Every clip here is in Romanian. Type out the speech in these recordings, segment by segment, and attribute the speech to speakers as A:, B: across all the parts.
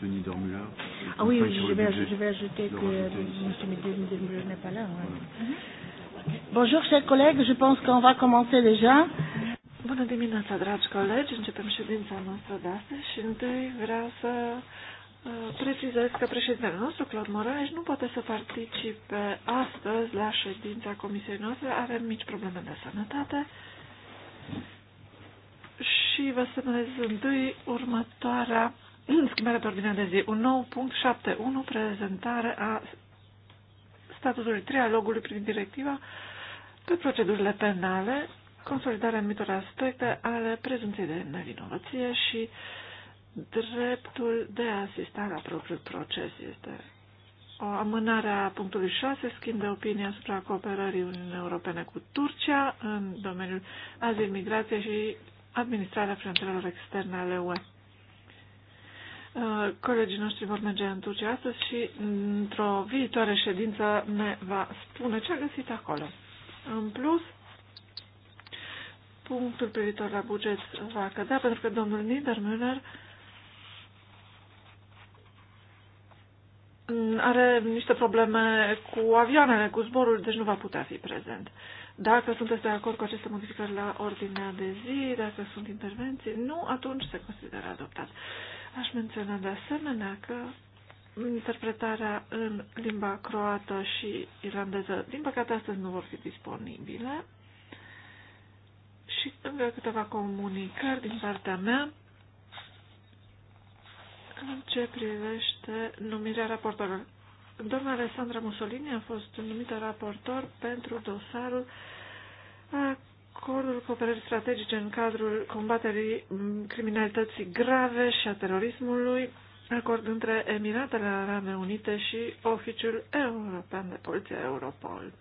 A: Sonny Niedermüller. Ah oui, oui je, vais, ajouter, je vais ajouter que
B: M. Niedermüller n'est pas là. Ouais.
C: Voilà. Bonjour, chers collègues, je pense qu'on va commencer déjà.
A: Bună dimineața, dragi colegi! Începem ședința noastră de astăzi și întâi vreau să uh, precizez că președintele nostru, Claude Moraes, nu poate să participe astăzi la ședința comisiei noastre, Avem mici probleme de sănătate și vă semnez întâi următoarea Schimbarea pe ordinea de zi. Un nou punct 7.1. Prezentare a statutului trialogului prin directiva pe procedurile penale, consolidarea anumitor aspecte ale prezumției de nevinovăție și dreptul de a asista la propriul proces. Este o amânare a punctului 6, schimb de opinie asupra cooperării Uniunii Europene cu Turcia în domeniul azil, migrație și administrarea frontierelor externe ale UE. Uh, colegii noștri vor merge în Turcia astăzi și într-o viitoare ședință ne va spune ce a găsit acolo. În plus, punctul privitor la buget va cădea pentru că domnul Niedermüller are niște probleme cu avioanele, cu zborul, deci nu va putea fi prezent. Dacă sunteți de acord cu aceste modificări la ordinea de zi, dacă sunt intervenții, nu, atunci se consideră adoptat. Aș menționa de asemenea că interpretarea în limba croată și irlandeză, din păcate, astăzi nu vor fi disponibile. Și încă câteva comunicări din partea mea în ce privește numirea raportorului. Doamna Alessandra Mussolini a fost numită raportor pentru dosarul acordul cooperării strategice în cadrul combaterii criminalității grave și a terorismului, acord între Emiratele Arabe Unite și Oficiul European de Poliție Europol.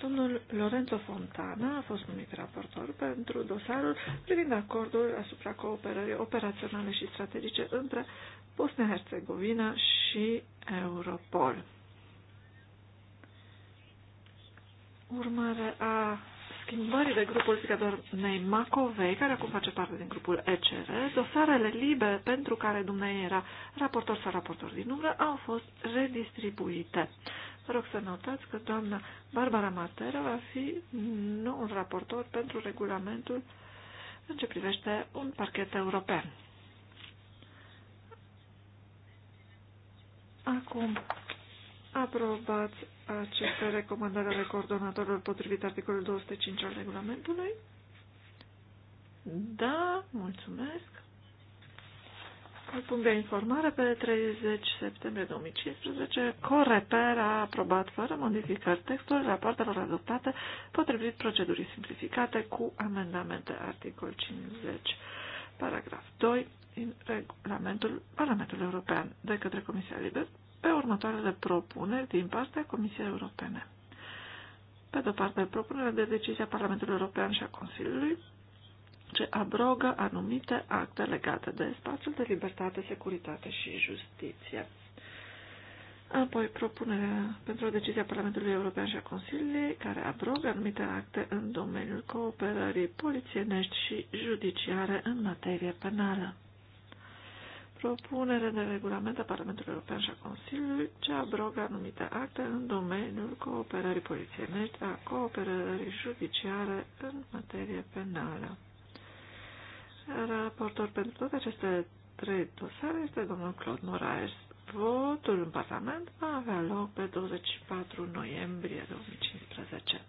A: Domnul Lorenzo Fontana a fost numit raportor pentru dosarul privind acordul asupra cooperării operaționale și strategice între Bosnia-Herzegovina și Europol. urmare a schimbării de grupul politicador Nei Macovei, care acum face parte din grupul ECR, dosarele libere pentru care dumneavoastră era raportor sau raportor din umbră au fost redistribuite. Vă rog să notați că doamna Barbara Matera va fi noul raportor pentru regulamentul în ce privește un parchet european. Acum aprobați aceste recomandări ale coordonatorilor potrivit articolului 205 al regulamentului? Da, mulțumesc. Al punct de informare, pe 30 septembrie 2015, Coreper a aprobat fără modificări textul rapoartelor adoptate potrivit procedurii simplificate cu amendamente articol 50, paragraf 2 din regulamentul Parlamentului European de către Comisia Liberă pe următoarele propuneri din partea Comisiei Europene. Pe de-o parte, propunerea de decizie a Parlamentului European și a Consiliului ce abrogă anumite acte legate de spațiul de libertate, securitate și justiție. Apoi, propunerea pentru o decizie a Parlamentului European și a Consiliului care abrogă anumite acte în domeniul cooperării polițienești și judiciare în materie penală propunere de regulament a Parlamentului European și a Consiliului ce abrogă anumite acte în domeniul cooperării polițienești, a cooperării judiciare în materie penală. Raportor pentru toate aceste trei dosare este domnul Claude Moraes. Votul în Parlament va avea loc pe 24 noiembrie 2015.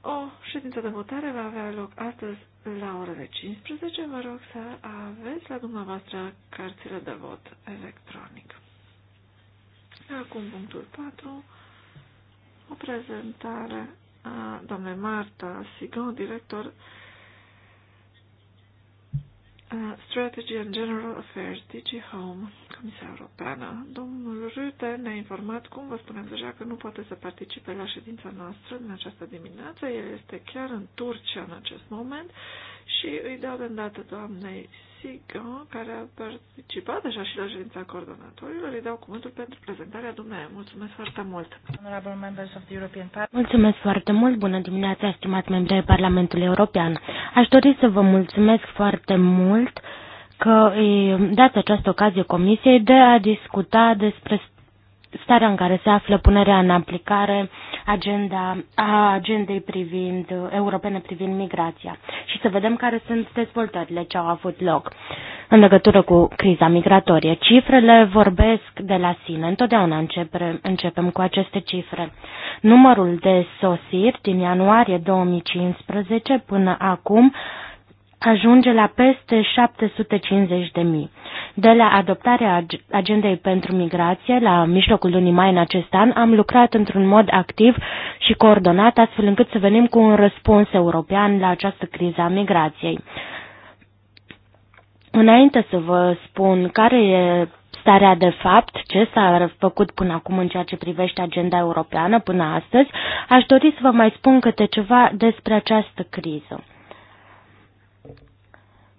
A: O ședință de votare va avea loc astăzi la orele 15 vă rog să aveți la dumneavoastră cartile de vot electronic. Acum punctul 4, o prezentare a doamnei Marta Sigon, director Uh, strategy and General Affairs, DG Home, Comisia Europeană. Domnul Rute ne-a informat, cum vă spuneam deja, că nu poate să participe la ședința noastră din această dimineață. El este chiar în Turcia în acest moment și îi dau de îndată doamnei Sica, care a participat deja și la ședința coordonatorilor, îi dau cuvântul pentru prezentarea dumneavoastră. Mulțumesc foarte mult! Mulțumesc
C: foarte mult! Bună dimineața, stimați membri ai Parlamentului European! Aș dori să vă mulțumesc foarte mult că dați această ocazie Comisiei de a discuta despre starea în care se află punerea în aplicare agenda, a agendei privind, uh, europene privind migrația și să vedem care sunt dezvoltările ce au avut loc în legătură cu criza migratorie. Cifrele vorbesc de la sine. Întotdeauna începe, începem cu aceste cifre. Numărul de sosiri din ianuarie 2015 până acum ajunge la peste 750 de mii. De la adoptarea agendei pentru migrație la mijlocul lunii mai în acest an, am lucrat într-un mod activ și coordonat astfel încât să venim cu un răspuns european la această criză a migrației. Înainte să vă spun care e starea de fapt, ce s-a făcut până acum în ceea ce privește agenda europeană până astăzi, aș dori să vă mai spun câte ceva despre această criză.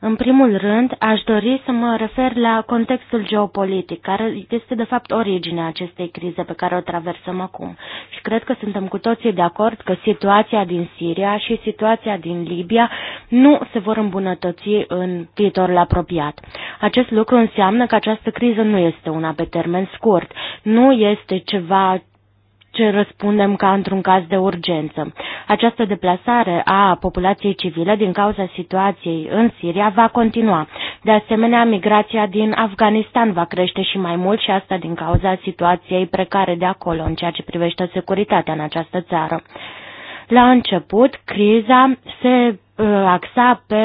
C: În primul rând, aș dori să mă refer la contextul geopolitic, care este de fapt originea acestei crize pe care o traversăm acum. Și cred că suntem cu toții de acord că situația din Siria și situația din Libia nu se vor îmbunătăți în viitorul apropiat. Acest lucru înseamnă că această criză nu este una pe termen scurt, nu este ceva ce răspundem ca într-un caz de urgență. Această deplasare a populației civile din cauza situației în Siria va continua. De asemenea, migrația din Afganistan va crește și mai mult și asta din cauza situației precare de acolo în ceea ce privește securitatea în această țară. La început, criza se uh, axa pe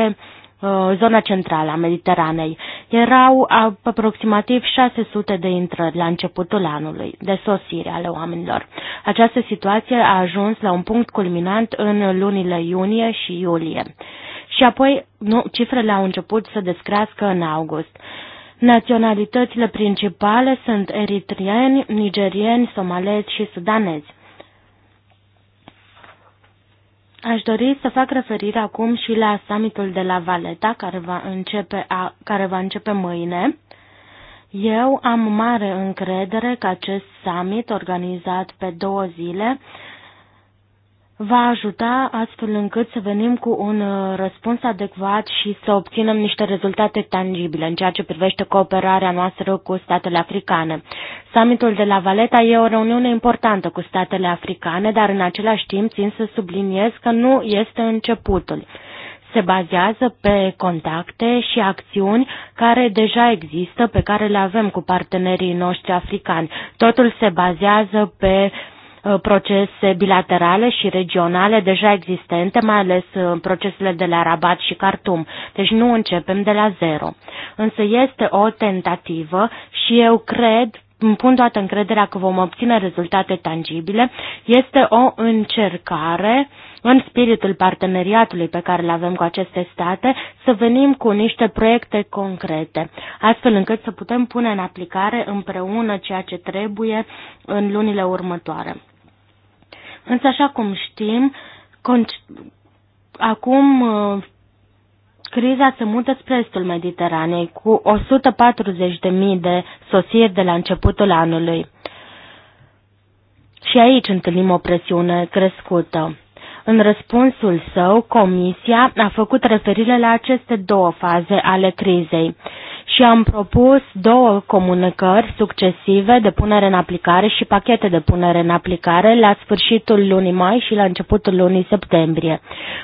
C: uh, zona centrală a Mediteranei. Erau aproximativ 600 de intrări la începutul anului, de sosire ale oamenilor. Această situație a ajuns la un punct culminant în lunile iunie și iulie. Și apoi nu, cifrele au început să descrească în august. Naționalitățile principale sunt eritrieni, nigerieni, somalezi și sudanezi. Aș dori să fac referire acum și la summitul de la Valeta, care va începe, a, care va începe mâine. Eu am mare încredere că acest summit, organizat pe două zile, va ajuta astfel încât să venim cu un uh, răspuns adecvat și să obținem niște rezultate tangibile în ceea ce privește cooperarea noastră cu statele africane. Summitul de la Valeta e o reuniune importantă cu statele africane, dar în același timp țin să subliniez că nu este începutul. Se bazează pe contacte și acțiuni care deja există, pe care le avem cu partenerii noștri africani. Totul se bazează pe uh, Uh, procese bilaterale și regionale deja existente, mai ales uh, procesele de la Rabat și Khartoum. Deci nu începem de la zero. Însă este o tentativă și eu cred îmi pun toată încrederea că vom obține rezultate tangibile, este o încercare în spiritul parteneriatului pe care îl avem cu aceste state, să venim cu niște proiecte concrete, astfel încât să putem pune în aplicare împreună ceea ce trebuie în lunile următoare. Însă, așa cum știm, acum uh, criza se mută spre estul Mediteranei cu 140.000 de sosiri de la începutul anului. Și aici întâlnim o presiune crescută. În răspunsul său, Comisia a făcut referire la aceste două faze ale crizei și am propus două comunicări succesive de punere în aplicare și pachete de punere în aplicare la sfârșitul lunii mai și la începutul lunii septembrie.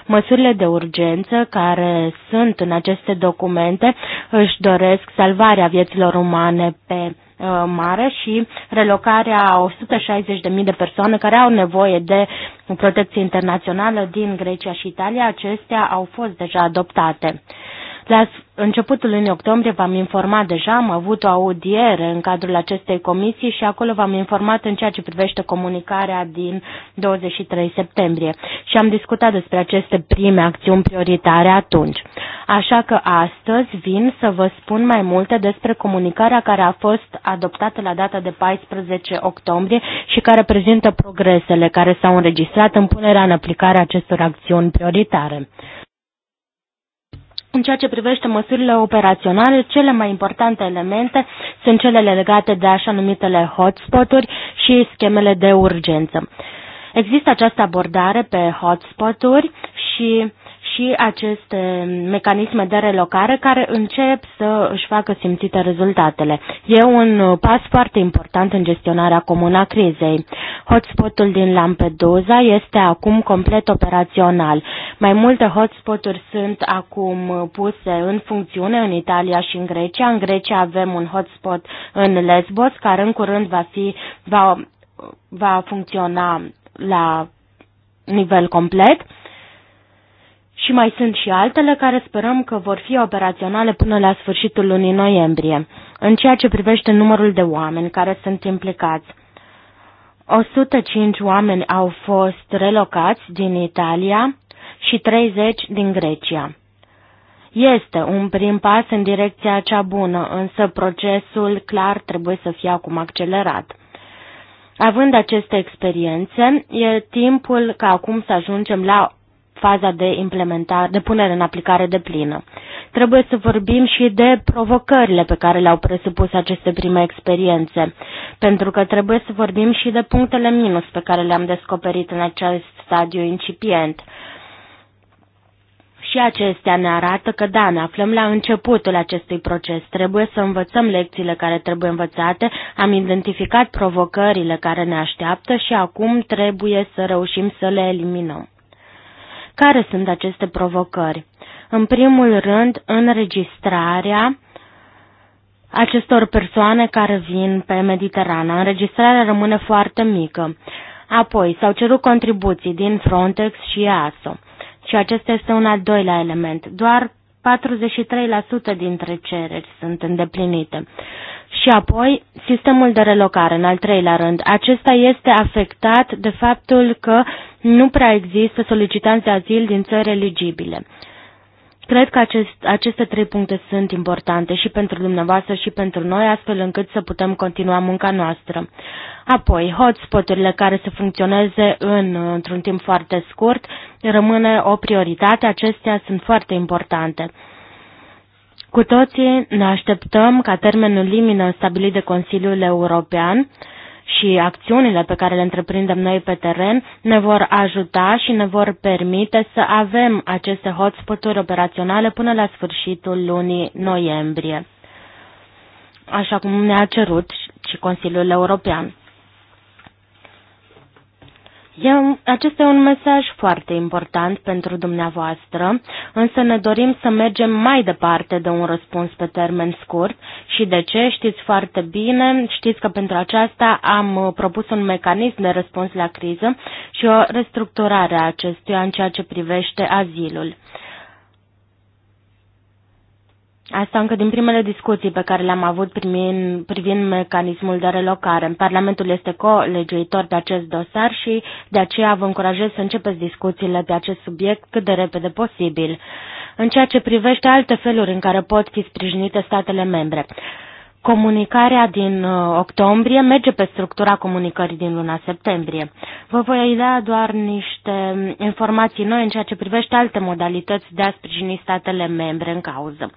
C: Măsurile de urgență care sunt în aceste documente își doresc salvarea vieților umane pe uh, mare și relocarea a 160.000 de persoane care au nevoie de protecție internațională din Grecia și Italia, acestea au fost deja adoptate. La începutul lunii octombrie v-am informat deja, am avut o audiere în cadrul acestei comisii și acolo v-am informat în ceea ce privește comunicarea din 23 septembrie și am discutat despre aceste prime acțiuni prioritare atunci. Așa că astăzi vin să vă spun mai multe despre comunicarea care a fost adoptată la data de 14 octombrie și care prezintă progresele care s-au înregistrat în punerea în aplicare acestor acțiuni prioritare. În ceea ce privește măsurile operaționale, cele mai importante elemente sunt cele legate de așa numitele hotspot-uri și schemele de urgență. Există această abordare pe hotspot-uri și și aceste mecanisme de relocare care încep să își facă simțite rezultatele. E un pas foarte important în gestionarea comună a crizei. Hotspotul din Lampedusa este acum complet operațional mai multe hotspoturi sunt acum puse în funcțiune în Italia și în Grecia. În Grecia avem un hotspot în Lesbos, care în curând va, fi, va, va funcționa la nivel complet. Și mai sunt și altele care sperăm că vor fi operaționale până la sfârșitul lunii noiembrie, în ceea ce privește numărul de oameni care sunt implicați. 105 oameni au fost relocați din Italia, și 30 din Grecia. Este un prim pas în direcția cea bună, însă procesul clar trebuie să fie acum accelerat. Având aceste experiențe, e timpul ca acum să ajungem la faza de implementare, de punere în aplicare de plină. Trebuie să vorbim și de provocările pe care le-au presupus aceste prime experiențe, pentru că trebuie să vorbim și de punctele minus pe care le-am descoperit în acest stadiu incipient. Și acestea ne arată că da, ne aflăm la începutul acestui proces. Trebuie să învățăm lecțiile care trebuie învățate, am identificat provocările care ne așteaptă și acum trebuie să reușim să le eliminăm. Care sunt aceste provocări? În primul rând, înregistrarea acestor persoane care vin pe Mediterana. Înregistrarea rămâne foarte mică. Apoi s-au cerut contribuții din Frontex și EASO. Și acesta este un al doilea element. Doar 43% dintre cereri sunt îndeplinite. Și apoi, sistemul de relocare, în al treilea rând. Acesta este afectat de faptul că nu prea există solicitanți de azil din țări eligibile. Cred că acest, aceste trei puncte sunt importante și pentru dumneavoastră și pentru noi, astfel încât să putem continua munca noastră. Apoi, hotspoturile care să funcționeze în, într-un timp foarte scurt rămâne o prioritate, acestea sunt foarte importante. Cu toții ne așteptăm ca termenul limină stabilit de Consiliul European și acțiunile pe care le întreprindem noi pe teren ne vor ajuta și ne vor permite să avem aceste hotspot-uri operaționale până la sfârșitul lunii noiembrie, așa cum ne-a cerut și Consiliul European. E, acesta e un mesaj foarte important pentru dumneavoastră, însă ne dorim să mergem mai departe de un răspuns pe termen scurt și de ce știți foarte bine, știți că pentru aceasta am uh, propus un mecanism de răspuns la criză și o restructurare a acestuia în ceea ce privește azilul. Asta încă din primele discuții pe care le-am avut privind, privind mecanismul de relocare. Parlamentul este colegiuitor pe acest dosar și de aceea vă încurajez să începeți discuțiile pe acest subiect cât de repede posibil, în ceea ce privește alte feluri în care pot fi sprijinite statele membre. Comunicarea din uh, octombrie merge pe structura comunicării din luna septembrie. Vă voi da doar niște informații noi în ceea ce privește alte modalități de a sprijini statele membre în cauză.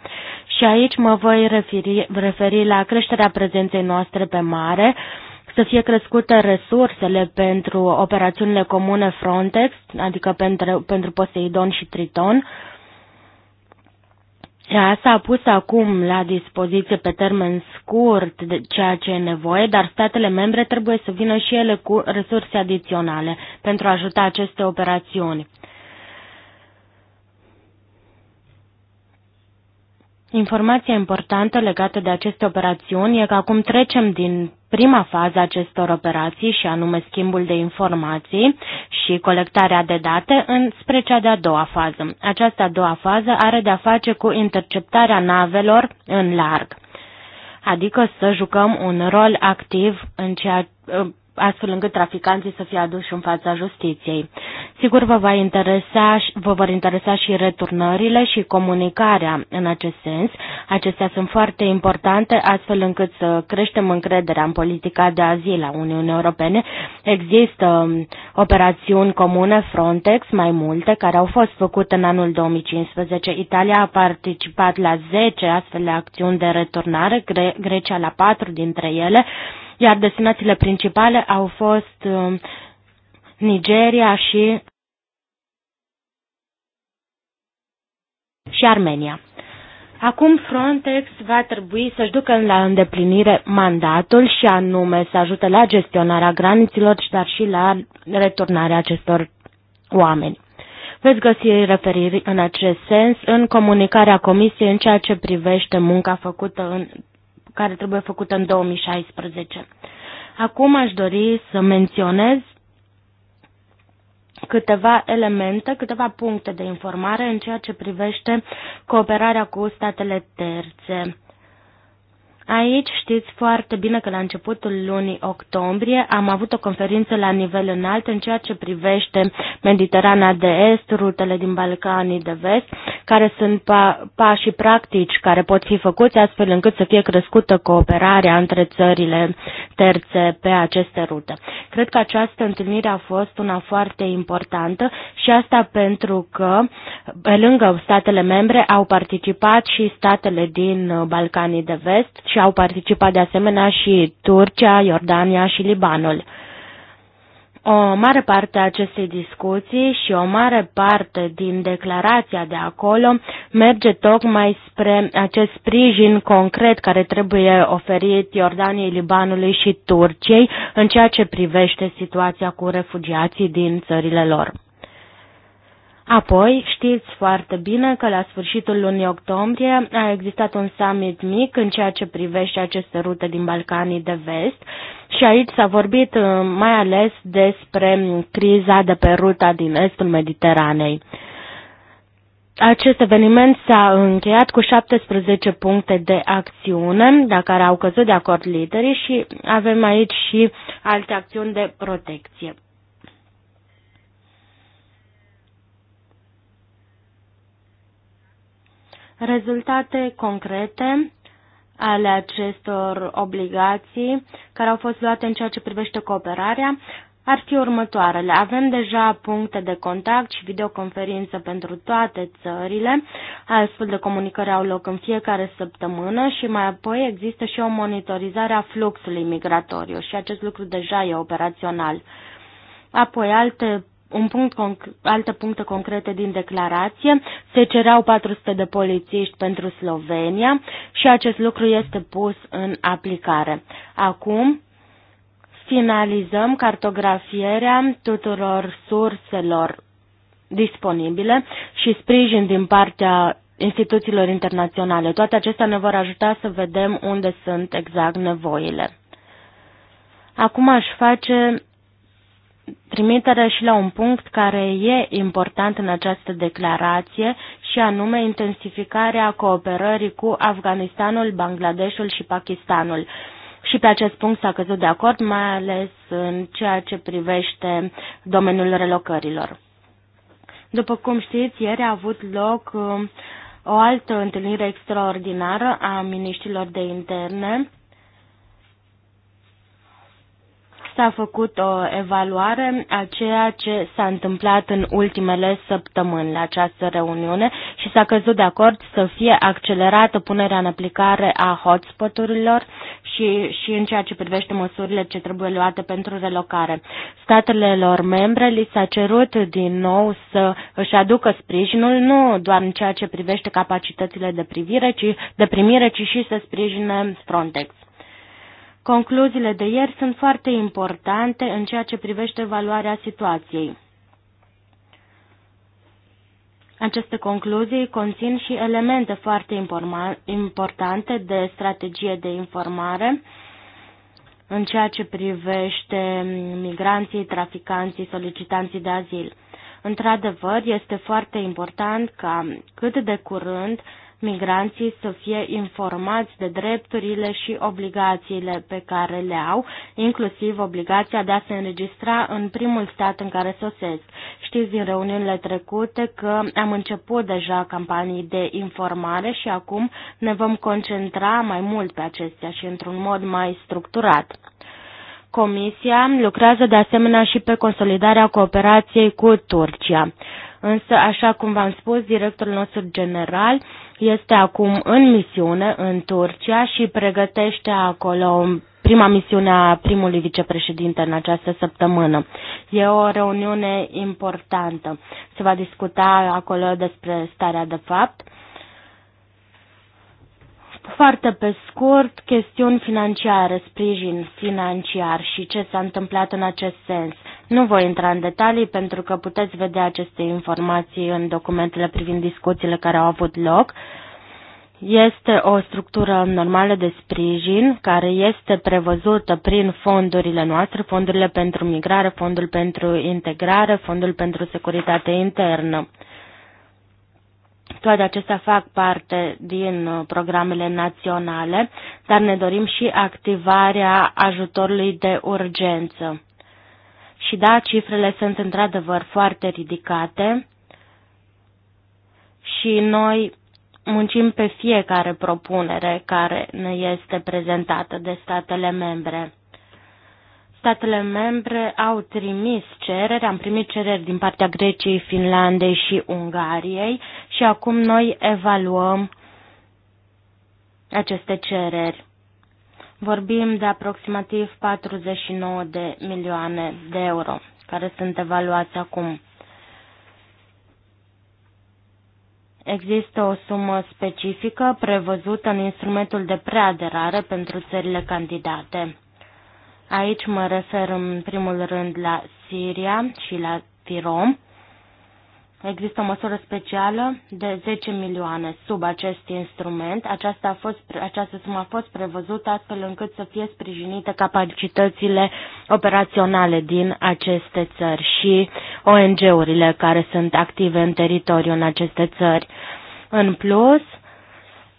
C: Și aici mă voi referi, referi la creșterea prezenței noastre pe mare, să fie crescute resursele pentru operațiunile comune Frontex, adică pentru, pentru Poseidon și Triton, uh, EASA a pus acum la dispoziție pe termen scurt de ceea ce e nevoie, dar statele membre trebuie să vină și ele cu resurse adiționale pentru a ajuta aceste operațiuni. Informația importantă legată de aceste operațiuni e că acum trecem din prima fază acestor operații, și anume schimbul de informații și colectarea de date, în, spre cea de-a doua fază. Această a doua fază are de-a face cu interceptarea navelor în larg, adică să jucăm un rol activ în ceea astfel încât traficanții să fie aduși în fața justiției. Sigur vă, va interesa, vă vor interesa și returnările și comunicarea în acest sens. Acestea sunt foarte importante astfel încât să creștem încrederea în politica de azil a Uniunii Europene. Există um, operațiuni comune Frontex, mai multe, care au fost făcute în anul 2015. Italia a participat la 10 astfel de acțiuni de returnare, Gre Grecia la 4 dintre ele iar destinațiile principale au fost um, Nigeria și, și Armenia. Acum Frontex va trebui să-și ducă la îndeplinire mandatul și anume să ajute la gestionarea graniților, dar și la returnarea acestor oameni. Veți găsi referiri în acest sens în comunicarea Comisiei în ceea ce privește munca făcută în care trebuie făcută în 2016. Acum aș dori să menționez câteva elemente, câteva puncte de informare în ceea ce privește cooperarea cu statele terțe. Aici știți foarte bine că la începutul lunii octombrie am avut o conferință la nivel înalt în ceea ce privește Mediterana de Est, rutele din Balcanii de Vest, care sunt pa- pașii practici care pot fi făcuți astfel încât să fie crescută cooperarea între țările terțe pe aceste rute. Cred că această întâlnire a fost una foarte importantă și asta pentru că pe lângă statele membre au participat și statele din Balcanii de Vest și au participat de asemenea și Turcia, Iordania și Libanul. O mare parte a acestei discuții și o mare parte din declarația de acolo merge tocmai spre acest sprijin concret care trebuie oferit Iordaniei, Libanului și Turciei în ceea ce privește situația cu refugiații din țările lor. Apoi, știți foarte bine că la sfârșitul lunii octombrie a existat un summit mic în ceea ce privește aceste rute din Balcanii de vest și aici s-a vorbit uh, mai ales despre criza de pe ruta din estul Mediteranei. Acest eveniment s-a încheiat cu 17 puncte de acțiune, la care au căzut de acord liderii și avem aici și alte acțiuni de protecție. Rezultate concrete ale acestor obligații care au fost luate în ceea ce privește cooperarea ar fi următoarele. Avem deja puncte de contact și videoconferință pentru toate țările. Astfel de comunicări au loc în fiecare săptămână și mai apoi există și o monitorizare a fluxului migratoriu și acest lucru deja e operațional. Apoi alte un punct, alte puncte concrete din declarație. Se cereau 400 de polițiști pentru Slovenia și acest lucru este pus în aplicare. Acum finalizăm cartografierea tuturor surselor disponibile și sprijin din partea instituțiilor internaționale. Toate acestea ne vor ajuta să vedem unde sunt exact nevoile. Acum aș face trimitere și la un punct care e important în această declarație și anume intensificarea cooperării cu Afganistanul, Bangladeshul și Pakistanul. Și pe acest punct s-a căzut de acord, mai ales în ceea ce privește domeniul relocărilor. După cum știți, ieri a avut loc um, o altă întâlnire extraordinară a miniștilor de interne S-a făcut o evaluare a ceea ce s-a întâmplat în ultimele săptămâni la această reuniune și s-a căzut de acord să fie accelerată punerea în aplicare a hotspoturilor și, și în ceea ce privește măsurile ce trebuie luate pentru relocare. Statele lor membre li s-a cerut din nou să își aducă sprijinul nu doar în ceea ce privește capacitățile de privire, ci de primire, ci și să sprijine Frontex. Concluziile de ieri sunt foarte importante în ceea ce privește evaluarea situației. Aceste concluzii conțin și elemente foarte importante de strategie de informare în ceea ce privește migranții, traficanții, solicitanții de azil. Într-adevăr, este foarte important ca cât de curând migranții să fie informați de drepturile și obligațiile pe care le au, inclusiv obligația de a se înregistra în primul stat în care sosesc. Știți din reuniunile trecute că am început deja campanii de informare și acum ne vom concentra mai mult pe acestea și într-un mod mai structurat. Comisia lucrează de asemenea și pe consolidarea cooperației cu Turcia. Însă, așa cum v-am spus, directorul nostru general este acum în misiune în Turcia și pregătește acolo prima misiune a primului vicepreședinte în această săptămână. E o reuniune importantă. Se va discuta acolo despre starea de fapt. Foarte pe scurt, chestiuni financiare, sprijin financiar și ce s-a întâmplat în acest sens. Nu voi intra în detalii pentru că puteți vedea aceste informații în documentele privind discuțiile care au avut loc. Este o structură normală de sprijin care este prevăzută prin fondurile noastre, fondurile pentru migrare, fondul pentru integrare, fondul pentru securitate internă. Toate acestea fac parte din uh, programele naționale, dar ne dorim și activarea ajutorului de urgență. Și da, cifrele sunt într-adevăr foarte ridicate și noi muncim pe fiecare propunere care ne este prezentată de statele membre. Statele membre au trimis cereri, am primit cereri din partea Greciei, Finlandei și Ungariei și acum noi evaluăm aceste cereri. Vorbim de aproximativ 49 de milioane de euro care sunt evaluați acum. Există o sumă specifică prevăzută în instrumentul de preaderare pentru țările candidate. Aici mă refer în primul rând la Siria și la Firom. Există o măsură specială de 10 milioane sub acest instrument. Aceasta, a fost, această sumă a fost prevăzută astfel încât să fie sprijinite capacitățile operaționale din aceste țări și ONG-urile care sunt active în teritoriu în aceste țări. În plus,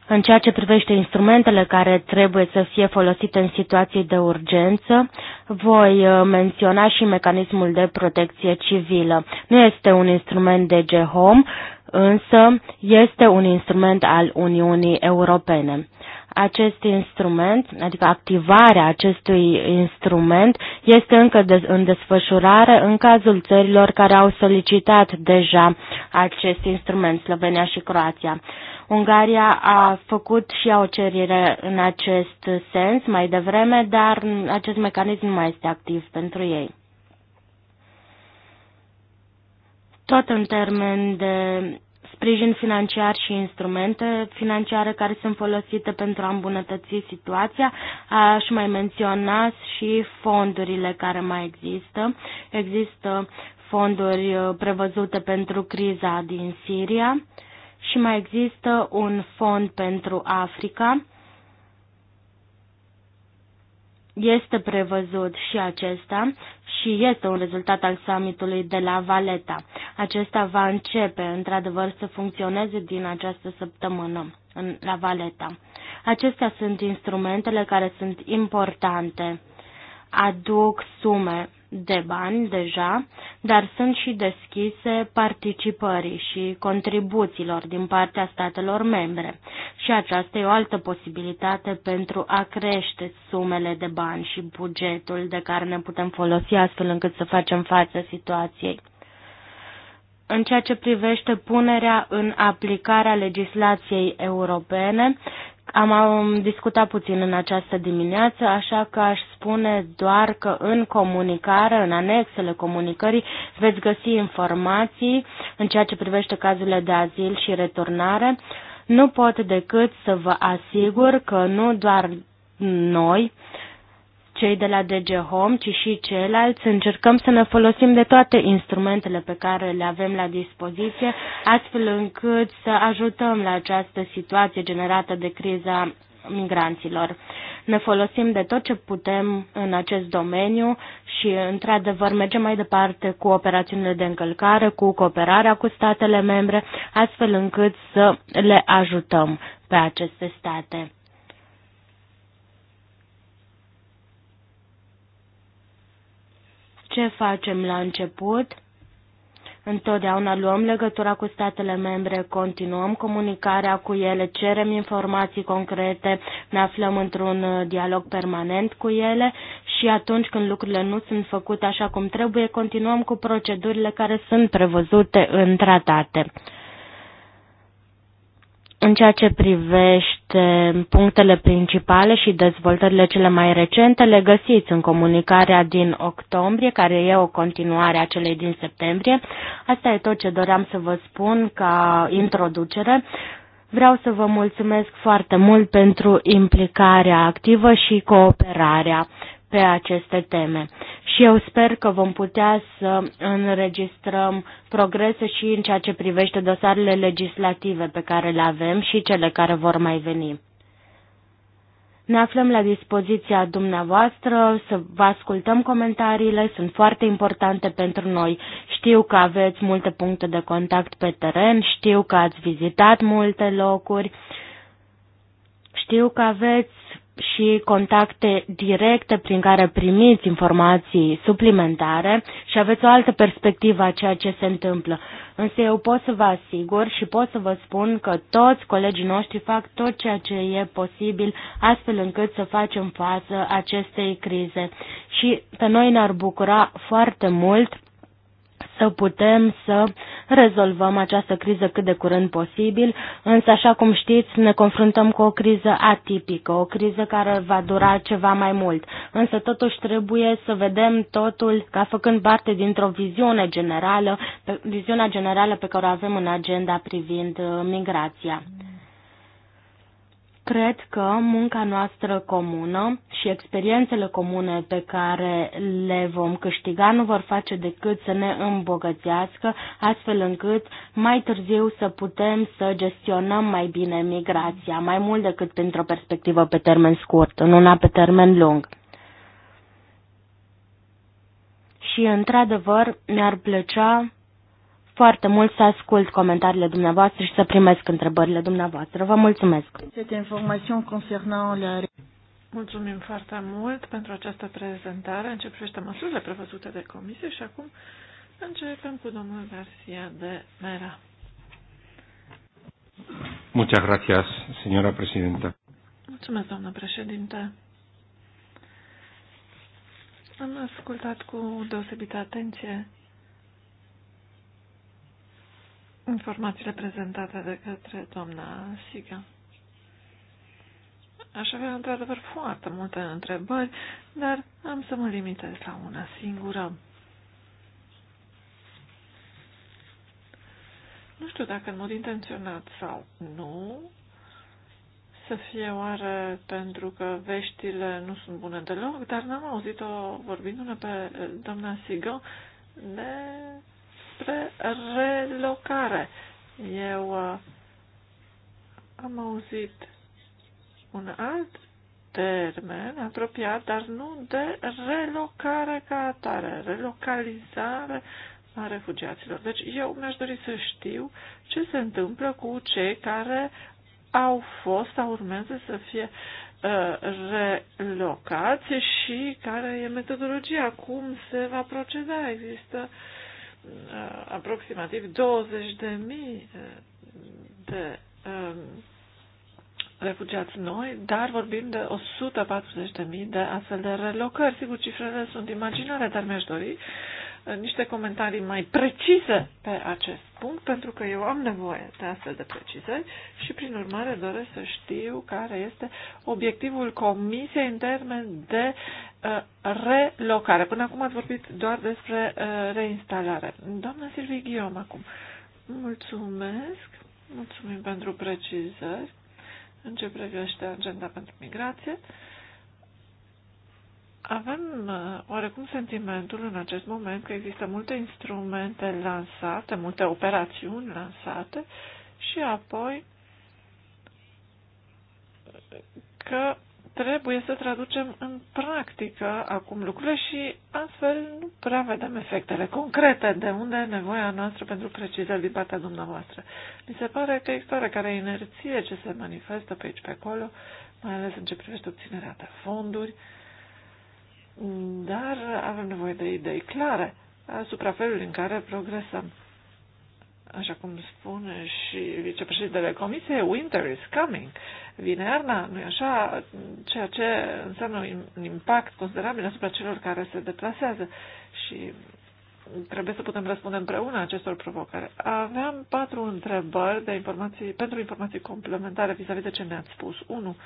C: în ceea ce privește instrumentele care trebuie să fie folosite în situații de urgență, voi uh, menționa și mecanismul de protecție civilă. Nu este un instrument de GHOM, însă este un instrument al Uniunii Europene acest instrument, adică activarea acestui instrument, este încă în desfășurare în cazul țărilor care au solicitat deja acest instrument, Slovenia și Croația. Ungaria a făcut și o cerere în acest sens mai devreme, dar acest mecanism nu mai este activ pentru ei. Tot în termen de sprijin financiar și instrumente financiare care sunt folosite pentru a îmbunătăți situația. Aș mai menționa și fondurile care mai există. Există fonduri uh, prevăzute pentru criza din Siria și mai există un fond pentru Africa este prevăzut și acesta și este un rezultat al summitului de la Valeta. Acesta va începe, într-adevăr, să funcționeze din această săptămână în, la Valeta. Acestea sunt instrumentele care sunt importante, aduc sume de bani deja, dar sunt și deschise participării și contribuțiilor din partea statelor membre. Și aceasta e o altă posibilitate pentru a crește sumele de bani și bugetul de care ne putem folosi astfel încât să facem față situației. În ceea ce privește punerea în aplicarea legislației europene, am discutat puțin în această dimineață, așa că aș spune doar că în comunicare, în anexele comunicării, veți găsi informații în ceea ce privește cazurile de azil și returnare. Nu pot decât să vă asigur că nu doar noi, uh, cei de la DG Home, ci și ceilalți, încercăm să ne folosim de toate instrumentele pe care le avem la dispoziție, astfel încât să ajutăm la această situație generată de criza migranților. Ne folosim de tot ce putem în acest domeniu și, într-adevăr, mergem mai departe cu operațiunile de încălcare, cu cooperarea cu statele membre, astfel încât să le ajutăm pe aceste state. Ce facem la început? Întotdeauna luăm legătura cu statele membre, continuăm comunicarea cu ele, cerem informații concrete, ne aflăm într-un uh, dialog permanent cu ele și atunci când lucrurile nu sunt făcute așa cum trebuie, continuăm cu procedurile care sunt prevăzute în tratate. În ceea ce privește punctele principale și dezvoltările cele mai recente, le găsiți în comunicarea din octombrie, care e o continuare a celei din septembrie. Asta e tot ce doream să vă spun ca introducere. Vreau să vă mulțumesc foarte mult pentru implicarea activă și cooperarea pe aceste teme și eu sper că vom putea să înregistrăm progrese și în ceea ce privește dosarele legislative pe care le avem și cele care vor mai veni. Ne aflăm la dispoziția dumneavoastră să vă ascultăm comentariile, sunt foarte importante pentru noi. Știu că aveți multe puncte de contact pe teren, știu că ați vizitat multe locuri, știu că aveți și contacte directe prin care primiți informații suplimentare și aveți o altă perspectivă a ceea ce se întâmplă. Însă eu pot să vă asigur și pot să vă spun că toți colegii noștri fac tot ceea ce e posibil astfel încât să facem față acestei crize. Și pe noi ne-ar bucura foarte mult să putem să rezolvăm această criză cât de curând posibil, însă, așa cum știți, ne confruntăm cu o criză atipică, o criză care va dura ceva mai mult. Însă, totuși, trebuie să vedem totul ca făcând parte dintr-o viziune generală, viziunea generală pe care o avem în agenda privind uh, migrația. Cred că munca noastră comună și experiențele comune pe care le vom câștiga nu vor face decât să ne îmbogățească, astfel încât mai târziu să putem să gestionăm mai bine migrația, mai mult decât printr-o perspectivă pe termen scurt, în una pe termen lung. Și, într-adevăr, mi-ar plăcea foarte mult să ascult comentariile dumneavoastră și să primesc întrebările dumneavoastră. Vă mulțumesc!
A: Mulțumim foarte mult pentru această prezentare. În ce privește măsurile prevăzute de comisie și acum începem cu domnul Garcia de Mera. Muchas gracias, señora presidenta. Mulțumesc, doamnă președinte. Am ascultat cu deosebită atenție informațiile prezentate de către doamna Siga. Aș avea într-adevăr foarte multe întrebări, dar am să mă limitez la una singură. Nu știu dacă în mod intenționat sau nu, să fie oare pentru că veștile nu sunt bune deloc, dar n-am auzit-o vorbindu-ne pe doamna Sigo de despre relocare. Eu uh, am auzit un alt termen apropiat, dar nu de relocare ca atare, relocalizare a refugiaților. Deci eu mi-aș dori să știu ce se întâmplă cu cei care au fost sau urmează să fie uh, relocați și care e metodologia, cum se va proceda. Există uh, Uh, aproximativ 20.000 de uh, um, refugiați noi, dar vorbim de 140.000 de astfel de relocări. Sigur, cifrele sunt imaginare, dar mi-aș dori niște comentarii mai precise pe acest punct, pentru că eu am nevoie de astfel de precizări și, prin urmare, doresc să știu care este obiectivul Comisiei în termen de uh, relocare. Până acum ați vorbit doar despre uh, reinstalare. Doamna Silvie Ghiom, acum. Mulțumesc. Mulțumim pentru precizări în ce privește agenda pentru migrație. Uh, avem uh, oarecum sentimentul în acest moment că există multe instrumente lansate, multe operațiuni lansate și apoi că trebuie să traducem în practică acum lucrurile și astfel nu prea vedem efectele concrete de unde e nevoia noastră pentru precizia din partea dumneavoastră. Mi se pare că există oarecare inerție ce se manifestă pe aici pe acolo, mai ales în ce privește obținerea de fonduri, uh, dar avem nevoie de idei clare asupra felului în care progresăm. Așa cum spune și vicepreședintele Comisiei, winter is coming. Vine iarna, nu așa? Ceea ce înseamnă un impact considerabil asupra celor care se deplasează și trebuie să putem răspunde împreună acestor provocări. Aveam patru întrebări de informații, pentru informații complementare vis-a-vis -vis de ce ne-ați spus. 1.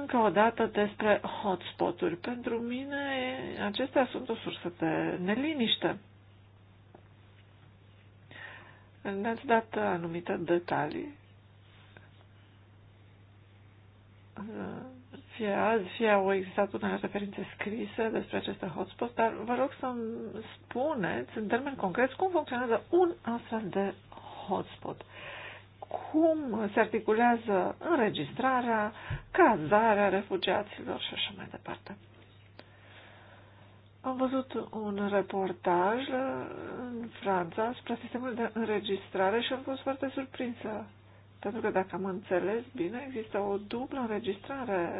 A: Încă o dată despre hotspot-uri. Pentru mine acestea sunt o sursă de neliniște. Ne-ați dat anumite detalii. Fie azi, fie au existat unele referințe scrise despre aceste hotspot, dar vă rog să-mi spuneți în termeni concreți cum funcționează un astfel de hotspot cum se articulează înregistrarea, cazarea refugiaților și așa mai departe. Am văzut un reportaj în Franța spre sistemul de înregistrare și am fost foarte surprinsă. Pentru că, dacă am înțeles bine, există o dublă înregistrare.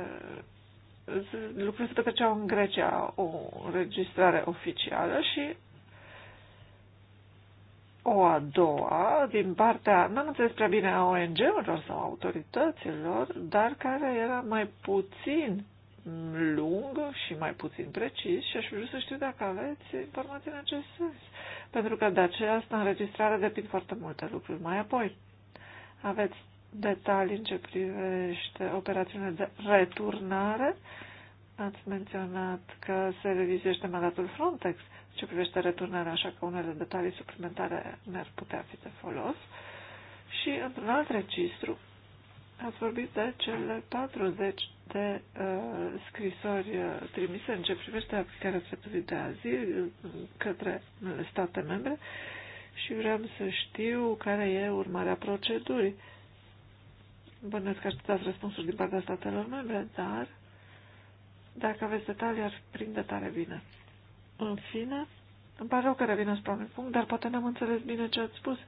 A: Lucrurile se petreceau în Grecia, o înregistrare oficială și o a doua din partea, n-am înțeles prea bine, a ONG-urilor sau autorităților, dar care era mai puțin lung și mai puțin precis și aș vrea să știu dacă aveți informații în acest sens. Pentru că de asta înregistrare depind foarte multe lucruri. Mai apoi, aveți detalii în ce privește operațiunea de returnare. Ați menționat că se revizește mandatul Frontex. Uh, ce privește returnarea, așa că unele detalii suplimentare ne-ar putea fi de folos. Și într-un alt registru ați vorbit de cele 40 de uh, scrisori uh, trimise în ce privește aplicarea dreptului de azil uh, către uh, state membre și vreau să știu care e urmarea procedurii. Bănesc că așteptați răspunsuri din partea statelor membre, dar dacă aveți detalii, ar prinde tare bine. În fine, îmi pare rău că revin spre un punct, dar poate n-am înțeles bine ce ați spus.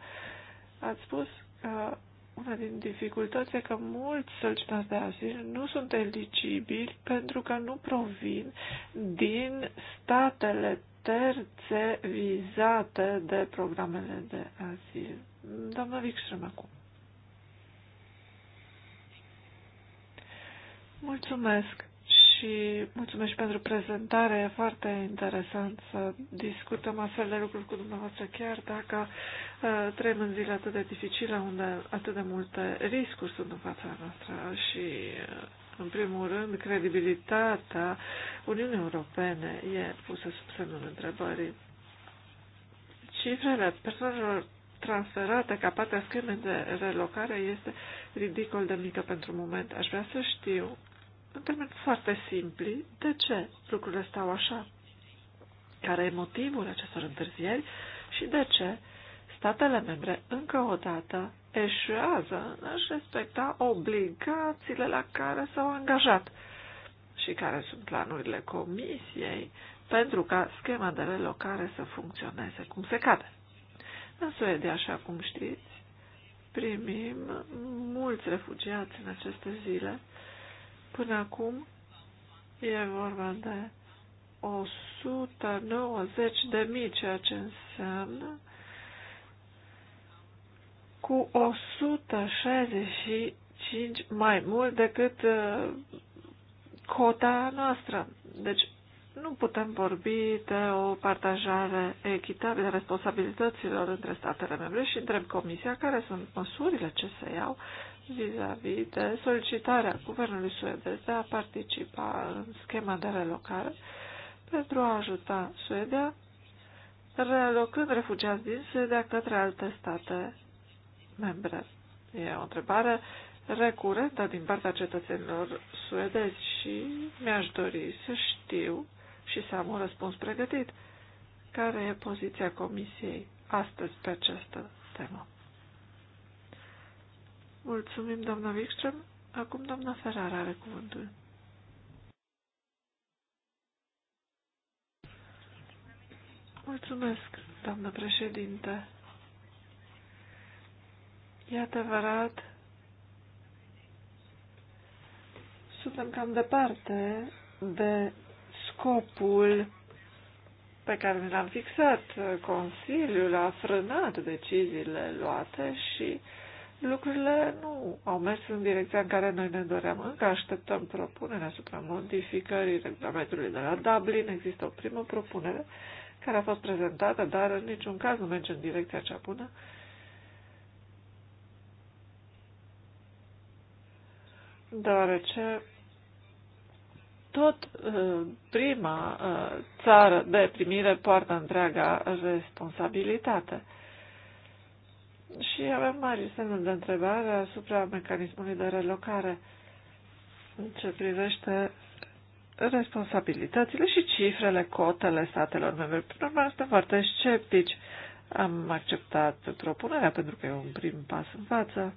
A: Ați spus că una din dificultăți e că mulți solicitanți de azil nu sunt eligibili pentru că nu provin din statele terțe vizate de programele de azil. Doamna Wikström acum. Mulțumesc și mulțumesc pentru prezentare. E foarte interesant să discutăm astfel de lucruri cu dumneavoastră, chiar dacă uh, trăim în zile atât de dificile, unde atât de multe riscuri sunt în fața noastră și, uh, în primul rând, credibilitatea Uniunii Europene e pusă sub semnul întrebării. Cifrele persoanelor transferată ca partea schemei de relocare este ridicol de mică pentru moment. Aș vrea să știu în termeni foarte simpli, de ce lucrurile stau așa, care e motivul acestor întârzieri și de ce statele membre încă o dată eșuează în a respecta obligațiile la care s-au angajat și care sunt planurile Comisiei pentru ca schema de relocare să funcționeze cum se cade. În Suedia, așa cum știți, primim mulți refugiați în aceste zile Până acum e vorba de 190 de mii, ceea ce înseamnă cu 165 mai mult decât uh, cota noastră. Deci nu putem vorbi de o partajare echitabilă a responsabilităților între statele membre și întreb Comisia care sunt măsurile ce se iau vis-a-vis -vis de solicitarea guvernului suedez de a participa în schema de relocare pentru a ajuta Suedia relocând refugiați din Suedia către alte state membre. E o întrebare recurentă din partea cetățenilor suedezi și mi-aș dori să știu și să am un răspuns pregătit. Care e poziția Comisiei astăzi pe această temă? Mulțumim, doamna Wikström. Acum doamna Ferrara are cuvântul. Mulțumesc, doamnă președinte. E adevărat, suntem cam departe de scopul pe care ne l-am fixat. Consiliul a frânat deciziile luate și lucrurile nu au mers în direcția în care noi ne doream. Încă așteptăm propunerea asupra modificării regulamentului de la Dublin. Există o primă propunere care a fost prezentată, dar în niciun caz nu merge în direcția cea bună. Deoarece tot uh, prima uh, țară de primire poartă întreaga responsabilitate. Uh, și avem mari semnul de întrebare asupra mecanismului de relocare în ce privește responsabilitățile și cifrele, cotele statelor membre. Prin urmă, suntem foarte sceptici. Am acceptat propunerea pentru că e un prim pas în față.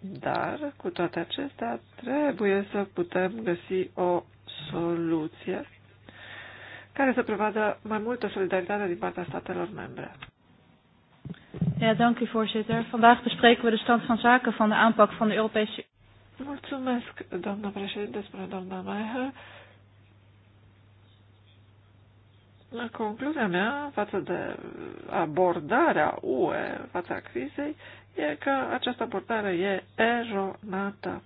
A: Dar, cu toate acestea, trebuie să putem găsi o soluție care să prevadă mai multă solidaritate din partea statelor membre.
B: Ja, dank u voorzitter. Vandaag bespreken we de stand van zaken van de aanpak van de Europese
A: Mulțumesc, doamna președinte, spre doamna Maiha. La concluzia mea față de abordarea UE fața crizei e că această abordare e eronată.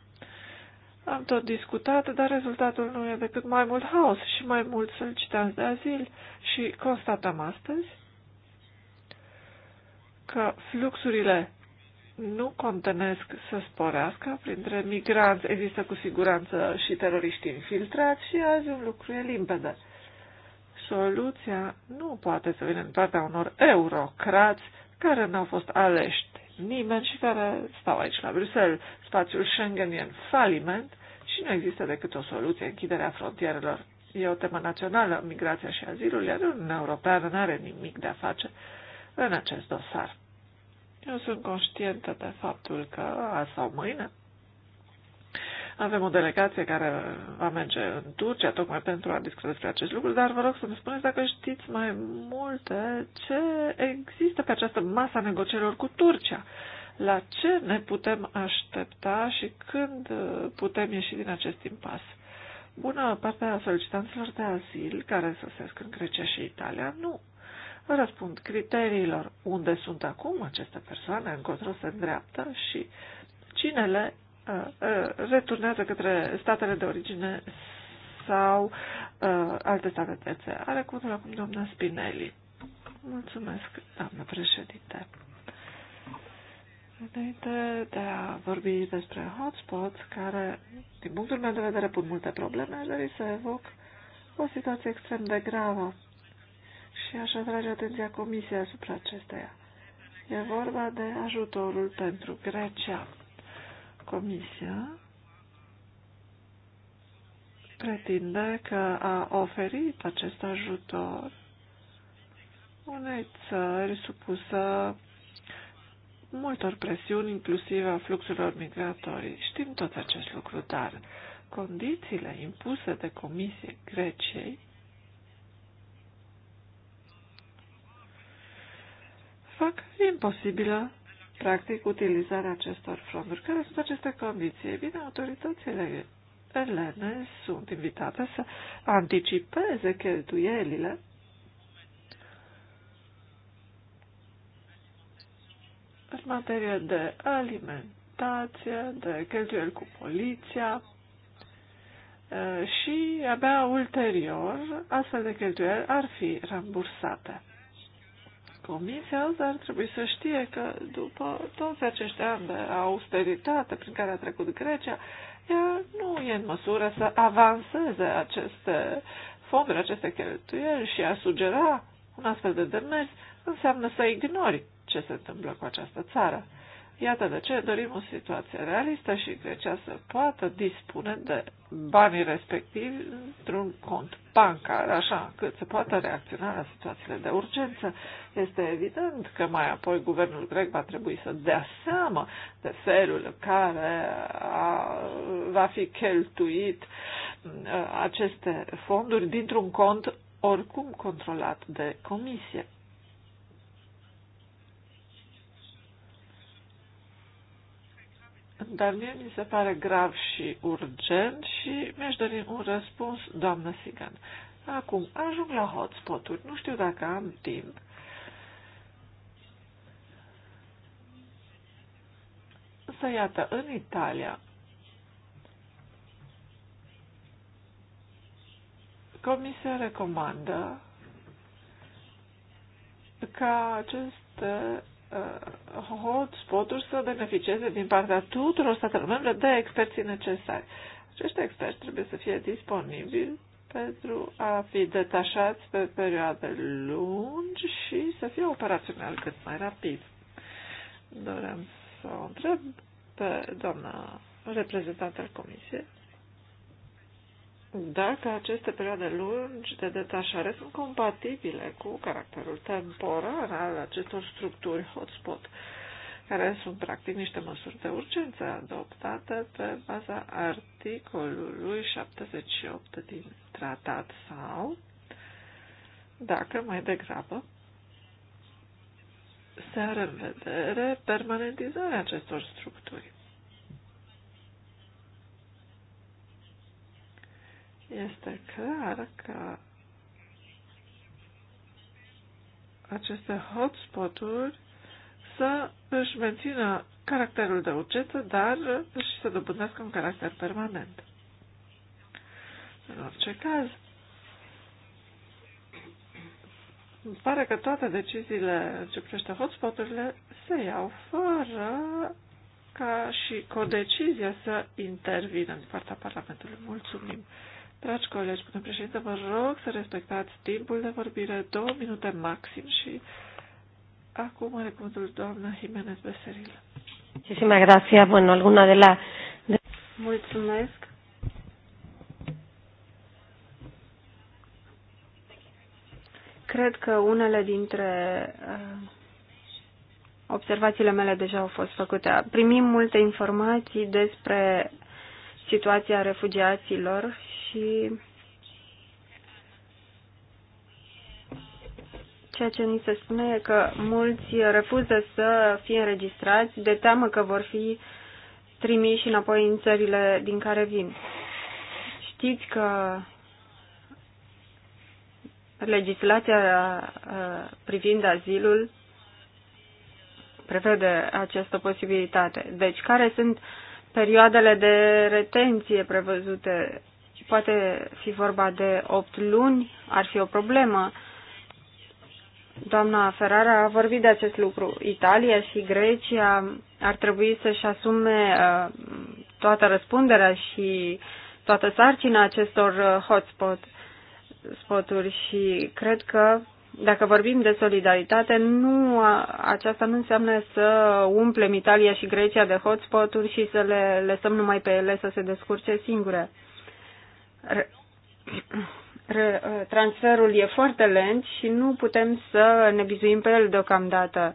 A: Am tot discutat, dar rezultatul nu e decât mai mult haos și mai mult solicitanți de azil și constatăm astăzi că fluxurile nu contenesc să sporească. Printre migranți există cu siguranță și teroriști infiltrați și azi un lucru e limpede. Soluția nu poate să vină în partea unor eurocrați care n-au fost aleși nimeni și care stau aici la Bruxelles. Spațiul Schengen e în faliment și nu există decât o soluție, închiderea frontierelor. E o temă națională, migrația și azilul, iar un Europeană nu are nimic de a face în acest dosar. Eu sunt conștientă de faptul că azi sau mâine avem o delegație care va merge în Turcia tocmai pentru a discuta despre acest lucru, dar vă rog să-mi spuneți dacă știți mai multe ce există pe această masă a negocierilor cu Turcia. La ce ne putem aștepta și când putem ieși din acest impas? Bună partea a solicitanților de azil care să sosesc în Grecia și Italia nu răspund criteriilor unde sunt acum aceste persoane, încotro se îndreaptă și cine le uh, uh, returnează către statele de origine sau uh, alte state terțe. Are cuvântul acum doamna Spinelli. Mulțumesc, doamnă președinte. Înainte de a vorbi despre hotspots, care, din punctul meu de vedere, pun multe probleme, aș dori să evoc o situație extrem de gravă și aș atrage atenția Comisiei asupra acesteia. E vorba de ajutorul pentru Grecia. Comisia pretinde că a oferit acest ajutor unei țări supusă multor presiuni, inclusiv a fluxurilor migratorii. Știm tot acest lucru, dar condițiile impuse de Comisie Greciei fac imposibilă, practic, utilizarea acestor fronduri, Care sunt aceste condiții? Ei bine, autoritățile elene sunt invitate să anticipeze cheltuielile în materie de alimentație, de cheltuieli cu poliția și abia ulterior astfel de cheltuieli ar fi rambursate. Comisia însă dar trebuie să știe că după toți acești ani de austeritate prin care a trecut Grecia, ea nu e în măsură să avanseze aceste fonduri, aceste cheltuieli și a sugera un astfel de demers înseamnă să ignori ce se întâmplă cu această țară. Iată de ce dorim o situație realistă și Grecia să poată dispune de banii respectivi într-un cont bancar, așa încât să poată reacționa la situațiile de urgență. Este evident că mai apoi guvernul grec va trebui să dea seama de felul în care a, va fi cheltuit uh, aceste fonduri dintr-un cont oricum controlat de comisie. dar mie mi se pare grav și urgent și mi-aș dori un răspuns, doamnă Sigan. Acum, ajung la hotspot-uri, nu știu dacă am timp. Să iată, în Italia, Comisia recomandă ca aceste Uh, hotspot-uri să beneficieze din partea tuturor statelor membre de experții necesari. Acești experți trebuie să fie disponibili pentru a fi detașați pe perioade lungi și să fie operațional cât mai rapid. Dorem să o întreb pe doamna reprezentant al Comisiei dacă aceste perioade lungi de detașare sunt compatibile cu caracterul temporar al acestor structuri hotspot, care sunt practic niște măsuri de urgență adoptate pe baza articolului 78 din tratat sau, dacă mai degrabă, se are în vedere permanentizarea acestor structuri este clar că aceste hotspot-uri să își mențină caracterul de ucetă, dar și să dobândească un caracter permanent. În orice caz, îmi pare că toate deciziile ce privește hotspoturile se iau fără ca și codecizia să intervină din partea Parlamentului. Mulțumim! Dragi colegi, până președinte, vă rog să respectați timpul de vorbire, două minute maxim și acum are cuvântul doamna Jimenez Beseril.
B: gracias. Bueno, alguna de la... Mulțumesc. Cred că unele dintre uh, observațiile mele deja au fost făcute. Primim multe informații despre situația refugiaților și ceea ce ni se spune e că mulți refuză să fie înregistrați de teamă că vor fi trimiși înapoi în țările din care vin. Știți că legislația uh, privind azilul prevede această posibilitate. Deci, care sunt perioadele de retenție prevăzute, poate fi vorba de 8 luni, ar fi o problemă. Doamna Ferrara a vorbit de acest lucru. Italia și Grecia ar trebui să-și asume uh, toată răspunderea și toată sarcina acestor uh, hotspot spoturi și cred că dacă vorbim de solidaritate, nu, aceasta nu înseamnă să umplem Italia și Grecia de hotspot-uri și să le lăsăm numai pe ele să se descurce singure. Re, re, transferul e foarte lent și nu putem să ne bizuim pe el deocamdată.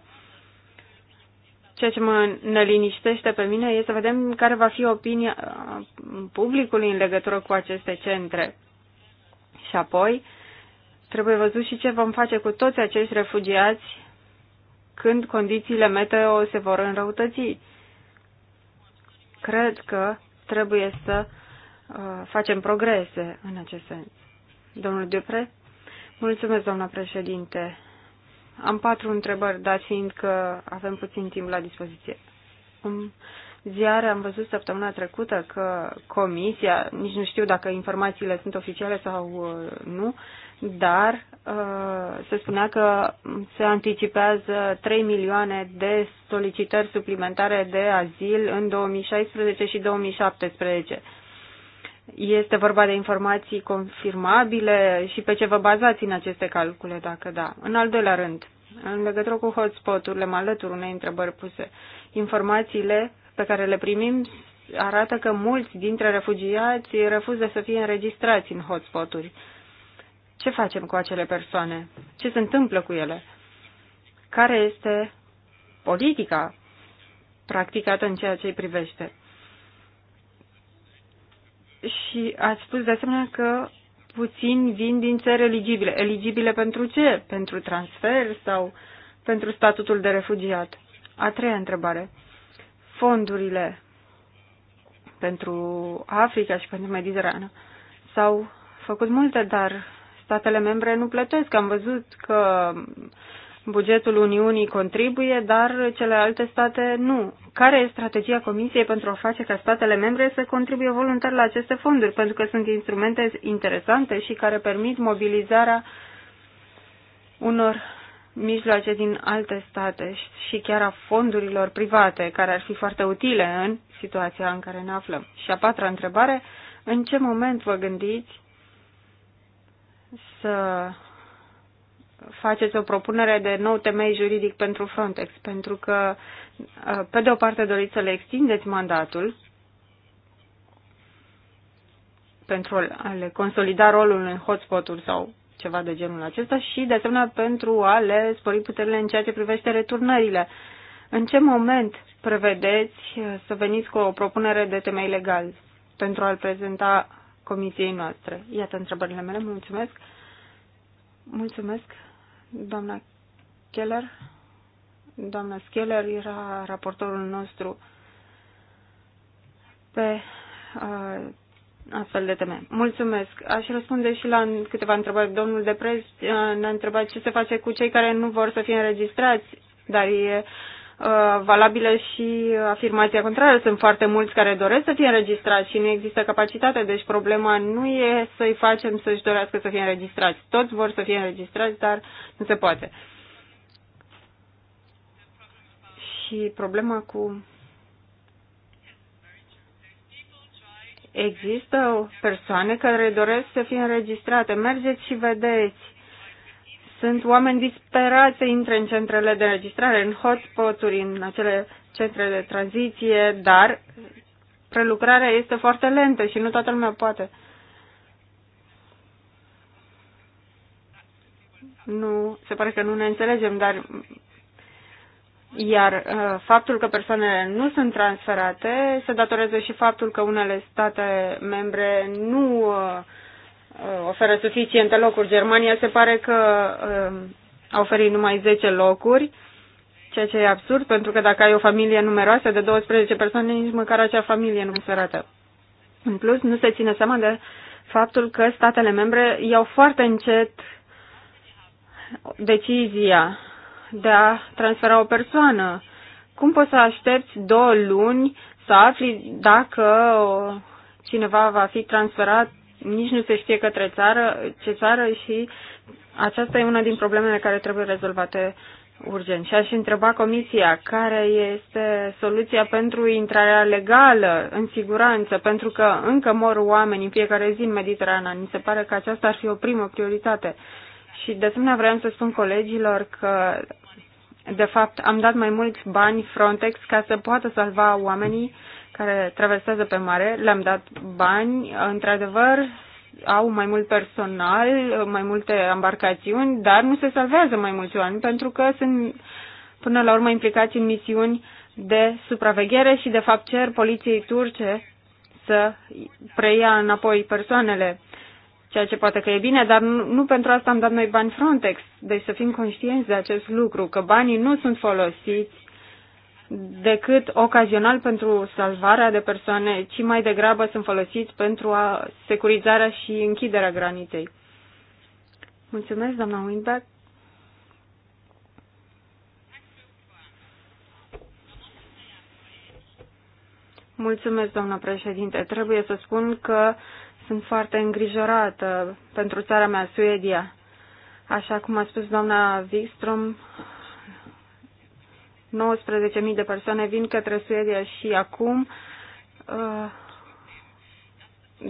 B: Ceea ce mă neliniștește pe mine este să vedem care va fi opinia publicului în legătură cu aceste centre. Și apoi, uh, Trebuie văzut și ce vom face cu toți acești refugiați când condițiile meteo se vor înrăutăți. Cred că trebuie să uh, facem progrese în acest sens. Domnul Dupre? Mulțumesc, doamna președinte. Am patru întrebări, dar fiind că avem puțin timp la dispoziție. În ziare am văzut săptămâna trecută că comisia, nici nu știu dacă informațiile sunt oficiale sau uh, nu, dar uh, se spunea că se anticipează 3 milioane de solicitări suplimentare de azil în 2016 și 2017. Este vorba de informații confirmabile și pe ce vă bazați în aceste calcule, dacă da. În al doilea rând, în legătură cu hotspot-urile, mă alătur unei întrebări puse. Informațiile pe care le primim arată că mulți dintre refugiați refuză să fie înregistrați în hotspot-uri. Ce facem cu acele persoane? Ce se întâmplă cu ele? Care este politica practicată în ceea ce îi privește? Și ați spus de asemenea că puțin vin din țări eligibile. Eligibile pentru ce? Pentru transfer sau pentru statutul de refugiat? A treia întrebare. Fondurile pentru Africa și pentru Mediterană s-au făcut multe, dar statele membre nu plătesc. Am văzut că bugetul Uniunii contribuie, dar celelalte state nu. Care e strategia Comisiei pentru a face ca statele membre să contribuie voluntar la aceste fonduri? Pentru că sunt instrumente interesante și care permit mobilizarea unor mijloace din alte state și chiar a fondurilor private, care ar fi foarte utile în situația în care ne aflăm. Și a patra întrebare, în ce moment vă gândiți să faceți o propunere de nou temei juridic pentru Frontex, pentru că, uh, pe de o parte, doriți să le extindeți mandatul pentru a le consolida rolul în hotspot-uri sau ceva de genul acesta și, de asemenea, pentru a le spori puterile în ceea ce privește returnările. În ce moment prevedeți uh, să veniți cu o propunere de temei legal pentru a-l prezenta comisiei noastre? Iată întrebările mele, mulțumesc. Mulțumesc, doamna Keller. Doamna Scheller era raportorul nostru pe uh, astfel de teme. Mulțumesc. Aș răspunde și la câteva întrebări. Domnul Deprez ne-a întrebat ce se face cu cei care nu vor să fie înregistrați, dar e uh, Uh, valabilă și afirmația contrară. Sunt foarte mulți care doresc să fie înregistrați și nu există capacitate, deci problema nu e să-i facem să-și dorească să fie înregistrați. Toți vor să fie înregistrați, dar nu se poate. Și problema cu Există persoane care doresc să fie înregistrate. Mergeți și vedeți sunt oameni disperați să intre în centrele de înregistrare, în hotspot-uri, în acele centre de tranziție, dar prelucrarea este foarte lentă și nu toată lumea poate. Nu, se pare că nu ne înțelegem, dar iar uh, faptul că persoanele nu sunt transferate se datorează și faptul că unele state membre nu uh, Uh, oferă suficiente locuri. Germania se pare că uh, a oferit numai 10 locuri, ceea ce e absurd, pentru că dacă ai o familie numeroasă de 12 persoane, nici măcar acea familie nu arată. În plus, nu se ține seama de faptul că statele membre iau foarte încet decizia de a transfera o persoană. Cum poți să aștepți două luni să afli dacă cineva va fi transferat nici nu se știe către țară, ce țară și aceasta e una din problemele care trebuie rezolvate urgent. Și aș întreba Comisia care este soluția pentru intrarea legală, în siguranță, pentru că încă mor oameni în fiecare zi în Mediterana. Mi se pare că aceasta ar fi o primă prioritate. Și de asemenea vreau să spun colegilor că de fapt am dat mai mulți bani Frontex ca să poată salva oamenii care traversează pe mare, le-am dat bani, într-adevăr au mai mult personal, mai multe embarcațiuni, dar nu se salvează mai mulți oameni pentru că sunt până la urmă implicați în misiuni de supraveghere și de fapt cer poliției turce să preia înapoi persoanele, ceea ce poate că e bine, dar nu, nu pentru asta am dat noi bani Frontex. Deci să fim conștienți de acest lucru, că banii nu sunt folosiți decât ocazional pentru salvarea de persoane, ci mai degrabă sunt folosiți pentru a securizarea și închiderea granitei. Mulțumesc, doamna Winback. Mulțumesc, doamna președinte. Trebuie să spun că sunt foarte îngrijorată pentru țara mea, Suedia. Așa cum a spus doamna Wikström, 19.000 de persoane vin către Suedia și acum, uh,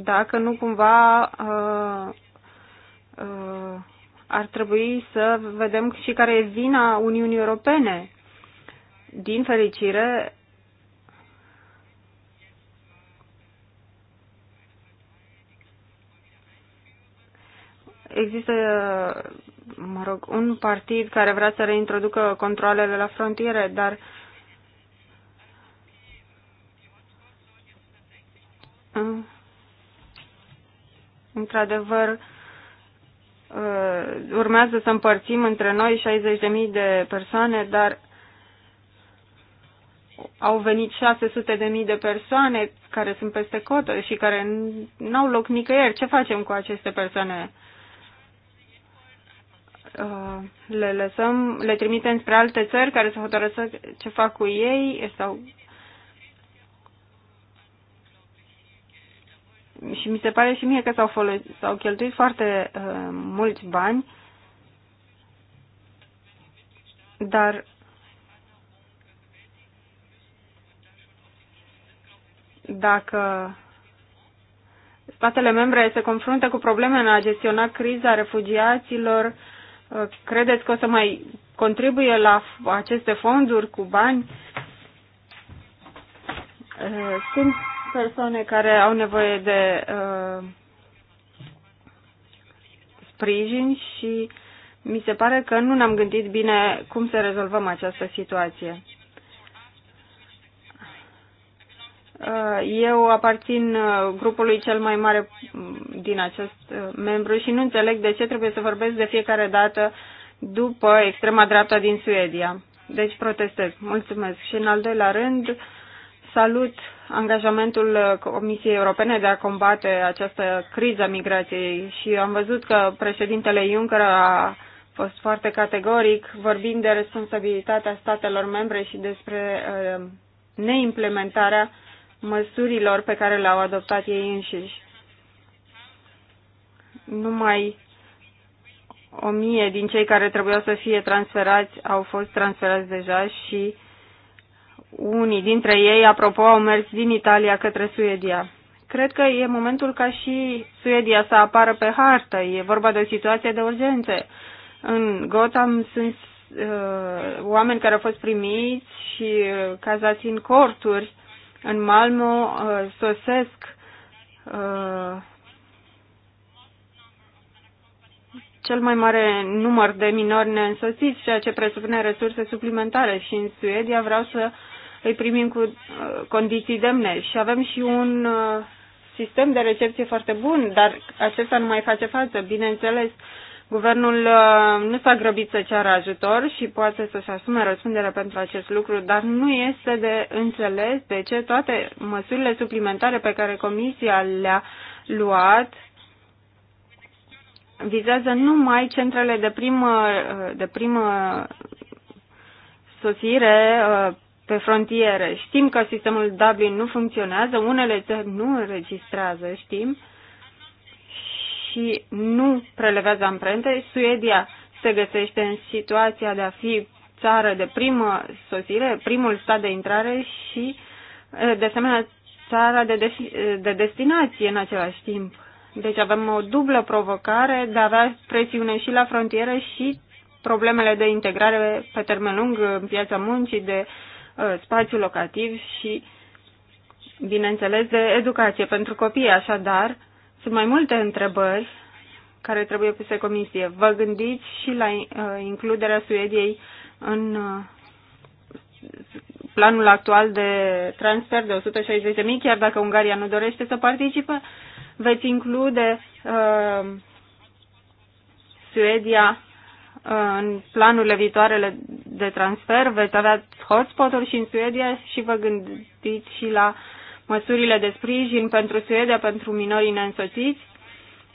B: dacă nu cumva uh, uh, ar trebui să vedem și care e vina Uniunii Europene. Din fericire, există mă rog, un partid care vrea să reintroducă controlele la frontiere, dar într-adevăr uh, urmează să împărțim între noi 60.000 de persoane, dar au venit 600.000 de de persoane care sunt peste cotă și care n-au loc nicăieri. Ce facem cu aceste persoane? Uh, le lăsăm, le trimitem spre alte țări care să hotărăsc ce fac cu ei sau și mi se pare și mie că s-au, folos- s-au cheltuit foarte uh, mulți bani, dar dacă statele membre se confruntă cu probleme în a gestiona criza refugiaților, Credeți că o să mai contribuie la aceste fonduri cu bani? Eh, sunt persoane care au nevoie de eh, sprijin și mi se pare că nu ne-am gândit bine cum să rezolvăm această situație. Uh, eu aparțin uh, grupului cel mai mare mm, din acest uh, membru și nu înțeleg de ce trebuie să vorbesc de fiecare dată după extrema dreapta din Suedia. Deci protestez. Mulțumesc. Și în al doilea rând, salut angajamentul Comisiei Europene de a combate această criză migrației și am văzut că președintele Juncker a fost foarte categoric vorbind de responsabilitatea statelor membre și despre neimplementarea măsurilor pe care le-au adoptat ei înșiși. Numai o mie din cei care trebuiau să fie transferați au fost transferați deja și unii dintre ei, apropo, au mers din Italia către Suedia. Cred că e momentul ca și Suedia să apară pe hartă. E vorba de o situație de urgență. În Gotham sunt uh, oameni care au fost primiți și uh, cazați în corturi în Malmo uh, sosesc uh, cel mai mare număr de minori neînsoțiți, ceea ce presupune resurse suplimentare și în Suedia vreau să îi primim cu uh, condiții demne și avem și un sistem de recepție foarte bun, dar acesta nu mai face față, bineînțeles. Uh, Guvernul uh, nu s-a grăbit să ceară ajutor și poate să-și asume răspunderea pentru acest lucru, dar nu este de înțeles de ce toate măsurile suplimentare pe care Comisia le-a luat vizează numai centrele de primă, uh, de primă sosire uh, pe frontiere. Știm că sistemul Dublin nu funcționează, unele țări nu înregistrează, știm, și nu prelevează amprente. Suedia se găsește în situația de a fi țară de primă sosire, primul stat de intrare și, de asemenea, țara de, de, de destinație în același timp. Deci avem o dublă provocare de a avea presiune și la frontieră și problemele de integrare pe termen lung în piața muncii, de uh, spațiu locativ și, bineînțeles, de educație pentru copii. Așadar, uh, sunt mai multe întrebări care trebuie puse comisie. Vă gândiți și la uh, includerea Suediei în uh, planul actual de transfer de 160.000, chiar dacă Ungaria nu dorește să participe, veți include uh, Suedia uh, în planurile viitoarele de transfer, veți avea hotspot-uri și în Suedia și vă gândiți și la uh, măsurile de sprijin pentru Suedia, pentru minorii neînsoțiți.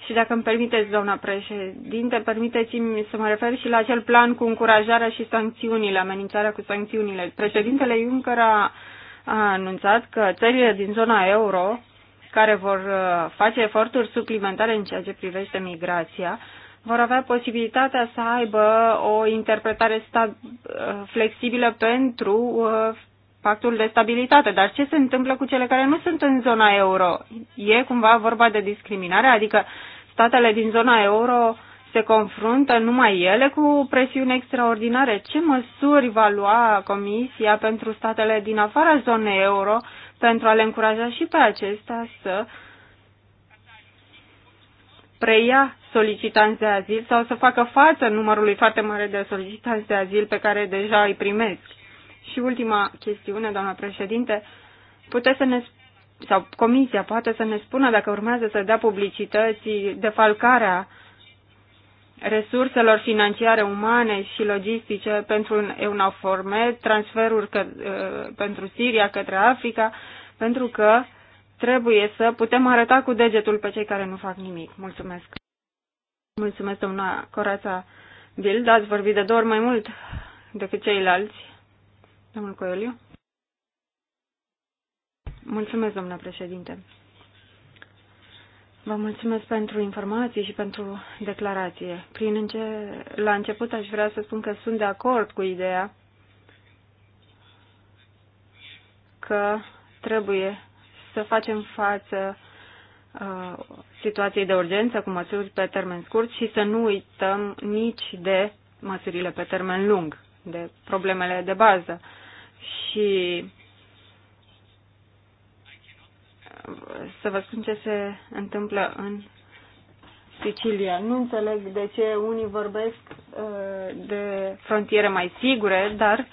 B: Și dacă îmi permiteți, doamna președinte, permiteți-mi să mă refer și la acel plan cu încurajarea și sancțiunile, amenințarea cu sancțiunile. Președintele Juncker a, a anunțat că țările din zona euro, care vor uh, face eforturi suplimentare în ceea ce privește migrația, vor avea posibilitatea să aibă o interpretare stab- uh, flexibilă pentru uh, pactul de stabilitate, dar ce se întâmplă cu cele care nu sunt în zona euro? E cumva vorba de discriminare? Adică statele din zona euro se confruntă numai ele cu presiuni extraordinare. Ce măsuri va lua Comisia pentru statele din afara zonei euro pentru a le încuraja și pe acestea să preia solicitanți de azil sau să facă față numărului foarte mare de solicitanți de azil pe care deja îi primesc? Și ultima chestiune, doamna președinte, puteți să ne sau comisia poate să ne spună dacă urmează să dea publicității defalcarea resurselor financiare, umane și logistice pentru EUNAFORME, transferuri că, ă, pentru Siria către Africa, pentru că trebuie să putem arăta cu degetul pe cei care nu fac nimic. Mulțumesc. Mulțumesc, doamna Corața Bild. Ați vorbit de două ori mai mult decât ceilalți. Domnul Coeliu. Mulțumesc, domnule președinte. Vă mulțumesc pentru informații și pentru declarație. Prin înce la început aș vrea să spun că sunt de acord cu ideea că trebuie să facem față uh, situației de urgență cu măsuri pe termen scurt și să nu uităm nici de măsurile pe termen lung, de problemele de bază. Uh, și să vă spun ce se întâmplă în Sicilia. Nu înțeleg de ce unii vorbesc uh, de frontiere mai sigure, dar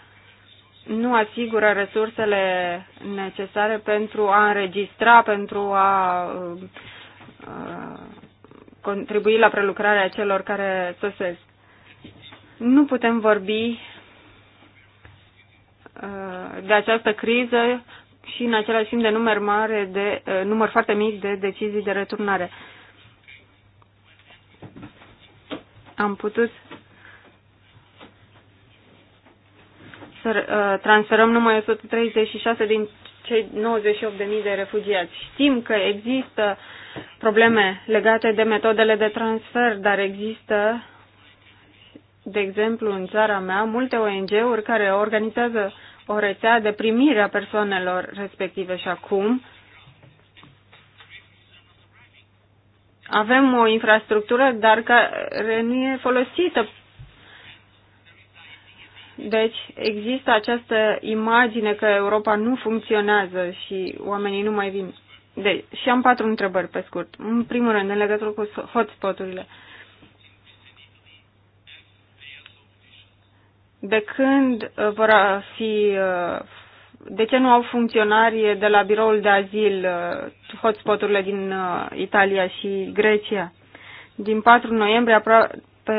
B: nu asigură resursele necesare pentru a înregistra, pentru a uh, uh, contribui la prelucrarea celor care sosesc. Nu putem vorbi Uh, de această criză și în același timp de număr mare de uh, număr foarte mic de decizii de returnare. Am putut să uh, transferăm numai 136 din cei 98.000 de refugiați. Știm că există probleme legate de metodele de transfer, dar există, de exemplu, în țara mea, multe ONG-uri care organizează o rețea de primire a persoanelor respective și acum avem o infrastructură, dar care nu e folosită. Deci există această imagine că Europa nu funcționează și oamenii nu mai vin. Deci, și am patru întrebări pe scurt. În primul rând, în legătură cu hotspoturile. urile de când uh, vor fi, uh, de ce nu au funcționari de la biroul de azil uh, hotspoturile din Italia și Grecia? Din 4 noiembrie aproape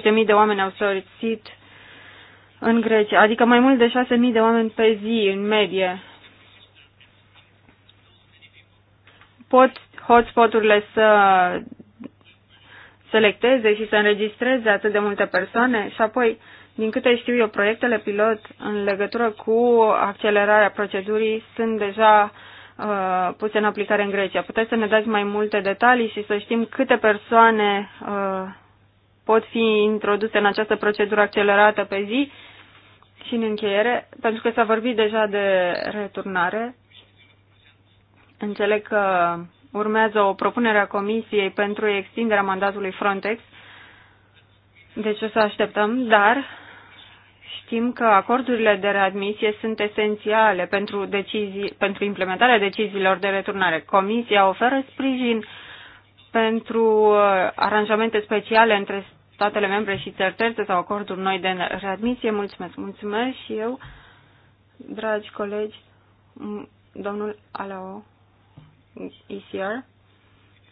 B: 90.000 de oameni au sosit în Grecia, adică mai mult de 6.000 de oameni pe zi în medie. Pot hotspoturile să selecteze și să înregistreze atât de multe persoane și apoi, din câte știu eu, proiectele pilot în legătură cu accelerarea procedurii sunt deja uh, puse în aplicare în Grecia. Puteți să ne dați mai multe detalii și să știm câte persoane uh, pot fi introduse în această procedură accelerată pe zi și în încheiere, pentru că s-a vorbit deja de returnare. Înțeleg că urmează o propunere a Comisiei pentru extinderea mandatului Frontex, deci o să așteptăm, dar știm că acordurile de readmisie sunt esențiale pentru, decizii, pentru implementarea deciziilor de returnare. Comisia oferă sprijin pentru uh, aranjamente speciale între statele membre și țărterțe terțe sau acorduri noi de readmisie. Mulțumesc, mulțumesc și eu, dragi colegi, domnul Alao. ECR.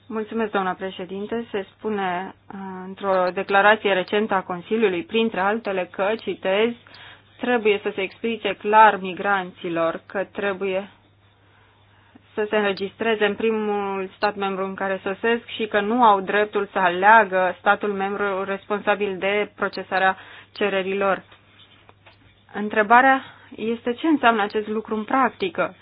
B: Mulțumesc, doamna președinte. Se spune uh, într-o declarație recentă a Consiliului, printre altele, că, citez, trebuie să se explice clar migranților că trebuie să se înregistreze în primul stat membru în care sosesc și că nu au dreptul să aleagă statul membru responsabil de procesarea cererilor. Întrebarea este ce înseamnă acest lucru în practică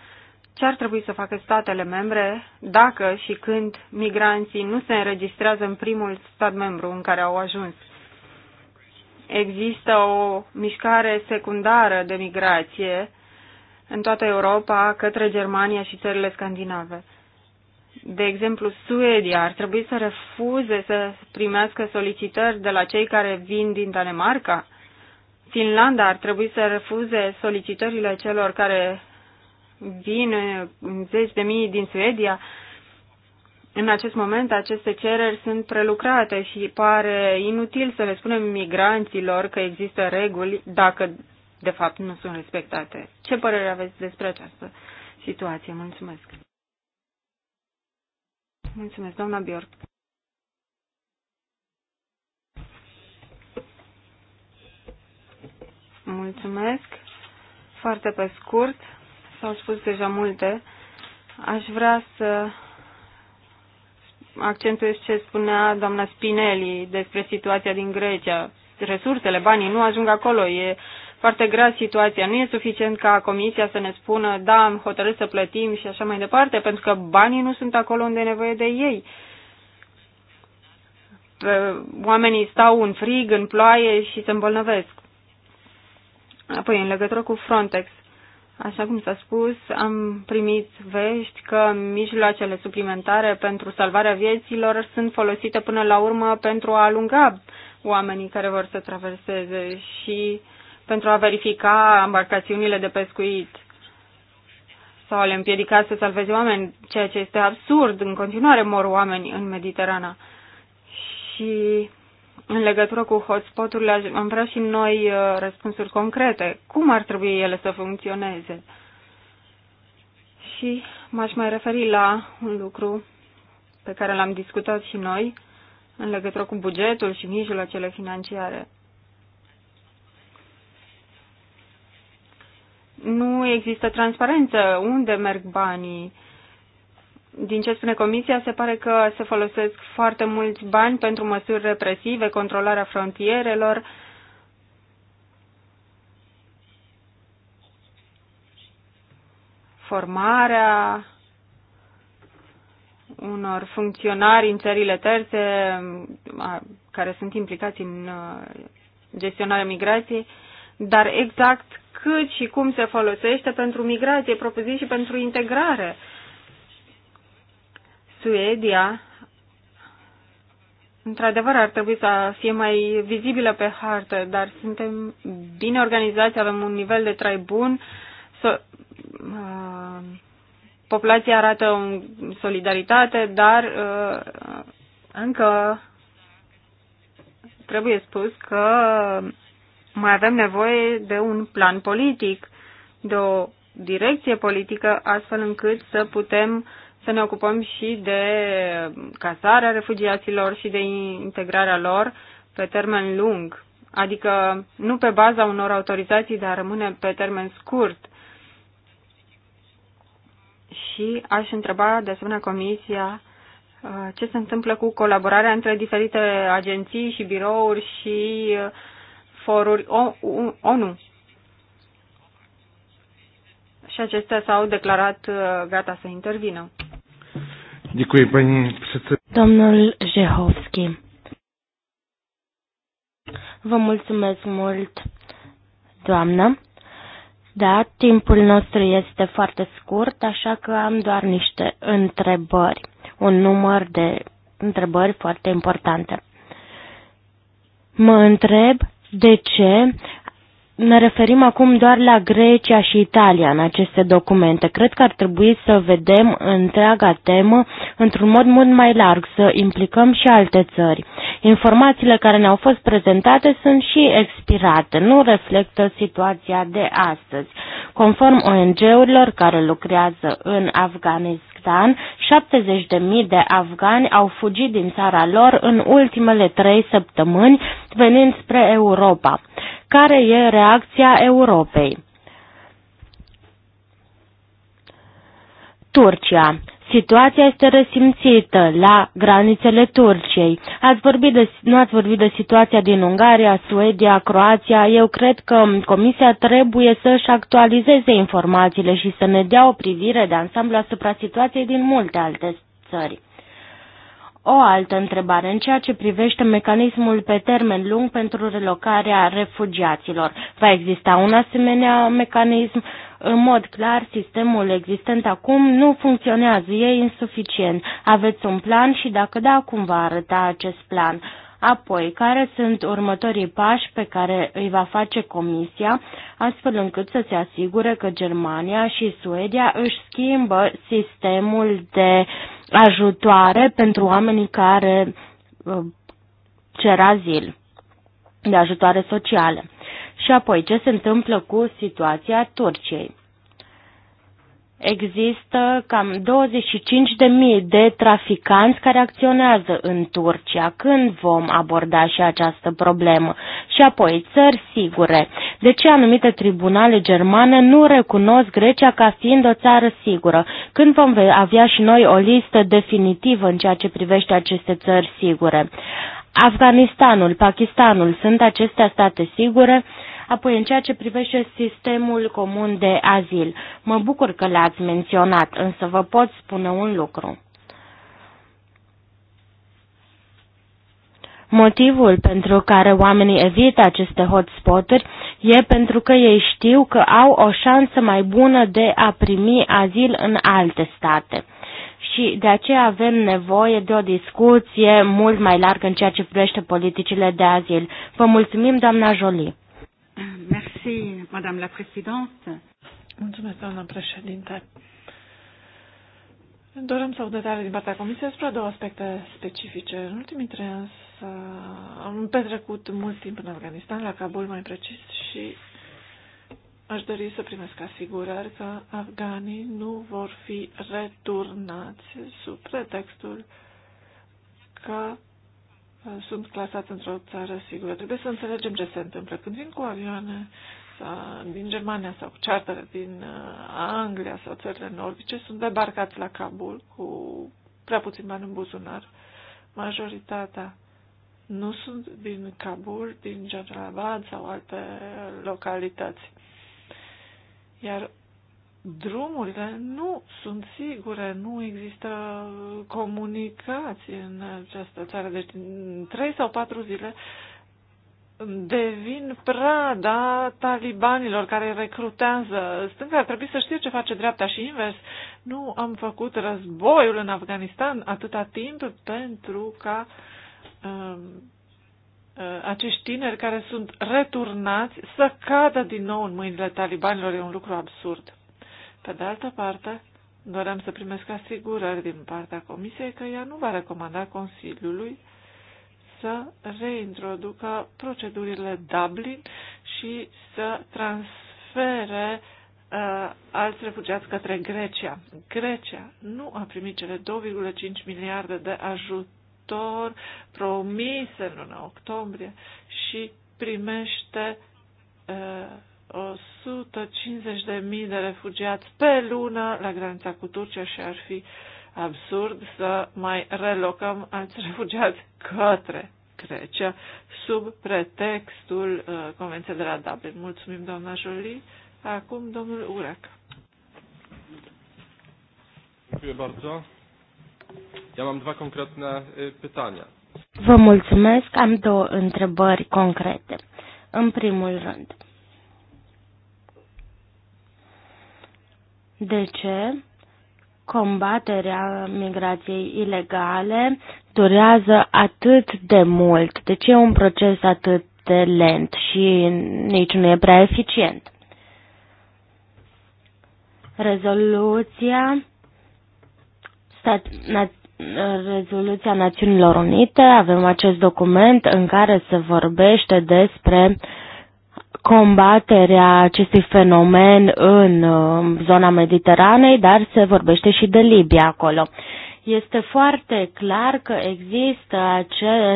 B: ce ar trebui să facă statele membre dacă și când migranții nu se înregistrează în primul stat membru în care au ajuns. Există o mișcare secundară de migrație în toată Europa către Germania și țările scandinave. De exemplu, Suedia ar trebui să refuze să primească solicitări de la cei care vin din Danemarca. Finlanda ar trebui să refuze solicitările celor care vin zeci de mii din Suedia. În acest moment, aceste cereri sunt prelucrate și pare inutil să le spunem migranților că există reguli dacă, de fapt, nu sunt respectate. Ce părere aveți despre această situație? Mulțumesc! Mulțumesc, doamna Bjork. Mulțumesc. Foarte pe scurt, S-au spus deja multe. Aș vrea să accentuez ce spunea doamna Spinelli despre situația din Grecia. Resursele, banii nu ajung acolo, e foarte grea situația. Nu e suficient ca comisia să ne spună, da, am hotărât să plătim și așa mai departe, pentru că banii nu sunt acolo unde e nevoie de ei. Oamenii stau în frig, în ploaie și se îmbolnăvesc. Apoi, în legătură cu Frontex, Așa cum s-a spus, am primit vești că mijloacele suplimentare pentru salvarea vieților sunt folosite până la urmă pentru a alunga oamenii care vor să traverseze și pentru a verifica embarcațiunile de pescuit sau le împiedica să salveze oameni, ceea ce este absurd. În continuare mor oameni în Mediterana. Și în legătură cu hotspoturile, am vrea și noi uh, răspunsuri concrete. Cum ar trebui ele să funcționeze? Și m-aș mai referi la un lucru pe care l-am discutat și noi în legătură cu bugetul și mijloacele financiare. Nu există transparență unde merg banii din ce spune Comisia, se pare că se folosesc foarte mulți bani pentru măsuri represive, controlarea frontierelor. formarea unor funcționari în țările terțe care sunt implicați în gestionarea migrației, dar exact cât și cum se folosește pentru migrație, propriu și pentru integrare. Suedia, într-adevăr, ar trebui să fie mai vizibilă pe hartă, dar suntem bine organizați, avem un nivel de trai bun, so, uh, populația arată o solidaritate, dar uh, încă trebuie spus că mai avem nevoie de un plan politic, de o direcție politică, astfel încât să putem să ne ocupăm și de casarea refugiaților și de integrarea lor pe termen lung, adică nu pe baza unor autorizații, dar rămâne pe termen scurt. Și aș întreba de asemenea Comisia uh, ce se întâmplă cu colaborarea între diferite agenții și birouri și uh, foruri ONU. Și acestea s-au declarat uh, gata să intervină.
C: Děkuji, paní předsedkyně. Domnul Žehovský. Vă mulțumesc mult, doamnă. Da, timpul nostru este foarte scurt, așa că am doar niște întrebări, un număr de întrebări foarte importante. Mă întreb de ce ne referim acum doar la Grecia și Italia în aceste documente. Cred că ar trebui să vedem întreaga temă într-un mod mult mai larg, să implicăm și alte țări. Informațiile care ne-au fost prezentate sunt și expirate, nu reflectă situația de astăzi. Conform ONG-urilor care lucrează în Afganistan, 70.000 de afgani au fugit din țara lor în ultimele trei săptămâni, venind spre Europa care e reacția Europei. Turcia. Situația este resimțită la granițele Turciei. Ați vorbit de, nu ați vorbit de situația din Ungaria, Suedia, Croația. Eu cred că Comisia trebuie să-și actualizeze informațiile și să ne dea o privire de ansamblu asupra situației din multe alte țări. O altă întrebare în ceea ce privește mecanismul pe termen lung pentru relocarea refugiaților. Va exista un asemenea mecanism? În mod clar, sistemul existent acum nu funcționează, e insuficient. Aveți un plan și dacă da, cum va arăta acest plan? Apoi, care sunt următorii pași pe care îi va face Comisia, astfel încât să se asigure că Germania și Suedia își schimbă sistemul de ajutoare pentru oamenii care uh, cer azil, de ajutoare sociale. Și apoi, ce se întâmplă cu situația Turciei? există cam 25.000 de traficanți care acționează în Turcia. Când vom aborda și această problemă? Și apoi, țări sigure. De ce anumite tribunale germane nu recunosc Grecia ca fiind o țară sigură? Când vom avea și noi o listă definitivă în ceea ce privește aceste țări sigure? Afganistanul, Pakistanul, sunt acestea state sigure? Uh, Apoi, în ceea ce privește sistemul comun de azil, mă bucur că l-ați menționat, însă vă pot spune un lucru. Motivul pentru care oamenii evită aceste hotspoturi e pentru că ei știu că au o șansă mai bună de a primi azil în alte state. Și de aceea avem nevoie de o discuție mult mai largă în ceea ce privește politicile de azil. Vă mulțumim, doamna Jolie.
B: Merci, Madame la Présidente.
A: Mulțumesc, doamna președinte. Dorem să aud detalii din partea Comisiei despre două aspecte specifice. În ultimii trei ani am petrecut mult timp în Afganistan, la Kabul mai precis, și aș dori să primesc asigurări că afganii nu vor fi returnați sub pretextul că sunt clasați într-o țară sigură. Trebuie să înțelegem ce se întâmplă. Când vin cu avioane sau din Germania sau cu chartere din uh, Anglia sau țările nordice, sunt debarcați la Kabul cu prea puțin bani în buzunar. Majoritatea nu sunt din Kabul, din Jalalabad sau alte localități. Iar drumurile nu sunt sigure, nu există comunicație în această țară. Deci, în trei sau patru zile devin prada talibanilor care recrutează. Stânga ar trebui să știe ce face dreapta și invers. Nu am făcut războiul în Afganistan atâta timp pentru ca um, uh, acești tineri care sunt returnați să cadă din nou în mâinile talibanilor. E un lucru absurd. Pe de altă parte, doream să primesc asigurări din partea Comisiei că ea nu va recomanda Consiliului să reintroducă procedurile Dublin și să transfere uh, alți refugiați către Grecia. Grecia nu a primit cele 2,5 miliarde de ajutor promise în luna octombrie și primește uh, 150.000 de refugiați pe lună la granița cu Turcia și ar fi absurd să mai relocăm alți refugiați către Grecia sub pretextul uh, Convenției de la Dublin. Mulțumim, doamna Jolie. Acum, domnul Urac. Dziękuję bardzo.
C: Ja mam dwa konkretne pytania. Vă mulțumesc. Am două întrebări concrete. În primul rând, De ce? Combaterea migrației ilegale durează atât de mult, ce e un proces atât de lent și nici nu e prea eficient. Rezoluția stat, na, Rezoluția Națiunilor Unite, avem acest document în care se vorbește despre combaterea acestui fenomen în uh, zona Mediteranei, dar se vorbește și de Libia acolo. Este foarte clar că există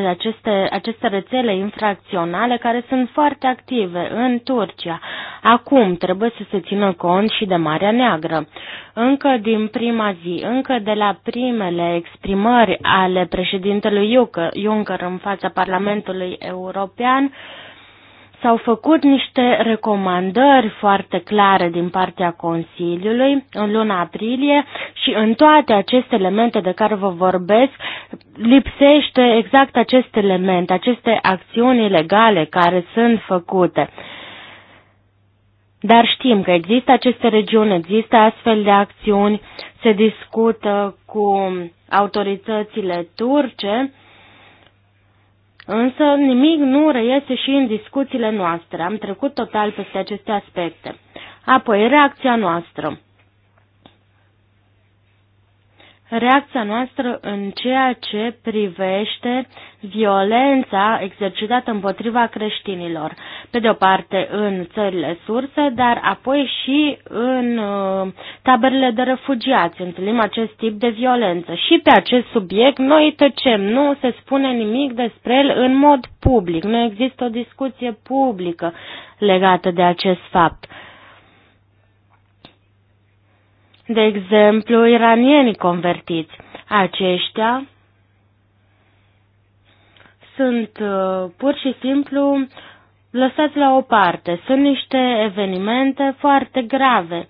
C: aceste, aceste rețele infracționale care sunt foarte active în Turcia. Acum trebuie să se țină cont și de Marea Neagră. Încă din prima zi, încă de la primele exprimări ale președintelui Juncker în fața Parlamentului European, S-au făcut niște recomandări foarte clare din partea Consiliului în luna aprilie și în toate aceste elemente de care vă vorbesc lipsește exact acest element, aceste acțiuni legale care sunt făcute. Dar știm că există aceste regiuni, există astfel de acțiuni, se discută cu autoritățile turce, Însă nimic nu reiese și în discuțiile noastre. Am trecut total peste aceste aspecte. Apoi, reacția noastră reacția noastră în ceea ce privește violența exercitată împotriva creștinilor, pe de o parte în țările surse, dar apoi și în uh, taberele de refugiați. Întâlnim acest tip de violență și pe acest subiect noi tăcem, nu se spune nimic despre el în mod public, nu există o discuție publică legată de acest fapt de exemplu, iranienii convertiți. Aceștia sunt uh, pur și simplu lăsați la o parte. Sunt niște evenimente foarte grave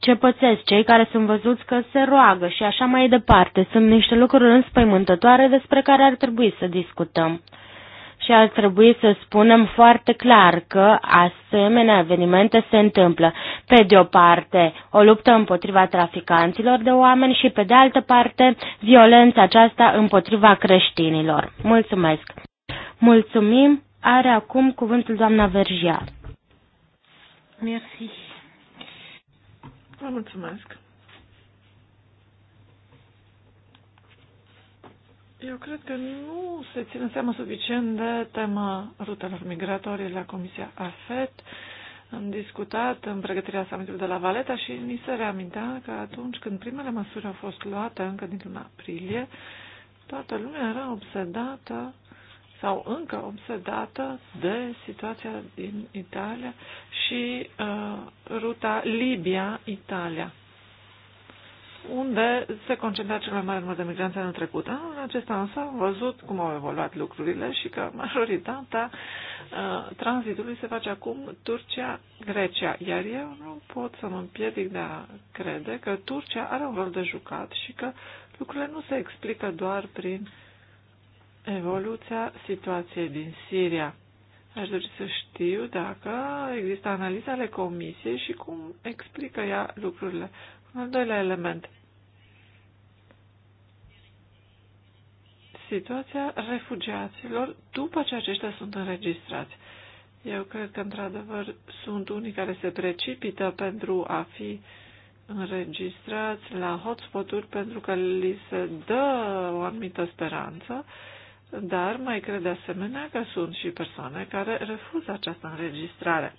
C: ce pățesc cei care sunt văzuți că se roagă și așa mai departe. Sunt niște lucruri înspăimântătoare despre care ar trebui să discutăm și ar trebui să spunem foarte clar că asemenea evenimente se întâmplă. Pe de o parte, o luptă împotriva traficanților de oameni și pe de altă parte, violența aceasta împotriva creștinilor. Mulțumesc! Mulțumim! Are acum cuvântul doamna Vergia.
B: Mersi.
A: Vă mulțumesc. Eu cred că nu se ține seama suficient de tema rutelor migratorii la Comisia AFET. Am discutat în pregătirea summitului de la Valeta și mi se reamintea că atunci când primele măsuri au fost luate, încă din luna aprilie, toată lumea era obsedată sau încă obsedată de situația din Italia și uh, ruta Libia-Italia unde se concentra cel mai mare număr de migranți anul trecut. Anul acesta însă am văzut cum au evoluat lucrurile și că majoritatea uh, tranzitului se face acum Turcia-Grecia, iar eu nu pot să mă împiedic de a crede că Turcia are un rol de jucat și că lucrurile nu se explică doar prin evoluția situației din Siria. Aș dori să știu dacă există analize ale comisiei și cum explică ea lucrurile. Al doilea element. Situația refugiaților după ce aceștia sunt înregistrați. Eu cred că, într-adevăr, sunt unii care se precipită pentru a fi înregistrați la hotspot-uri pentru că li se dă o anumită speranță dar mai cred de asemenea că sunt și persoane care refuză această înregistrare.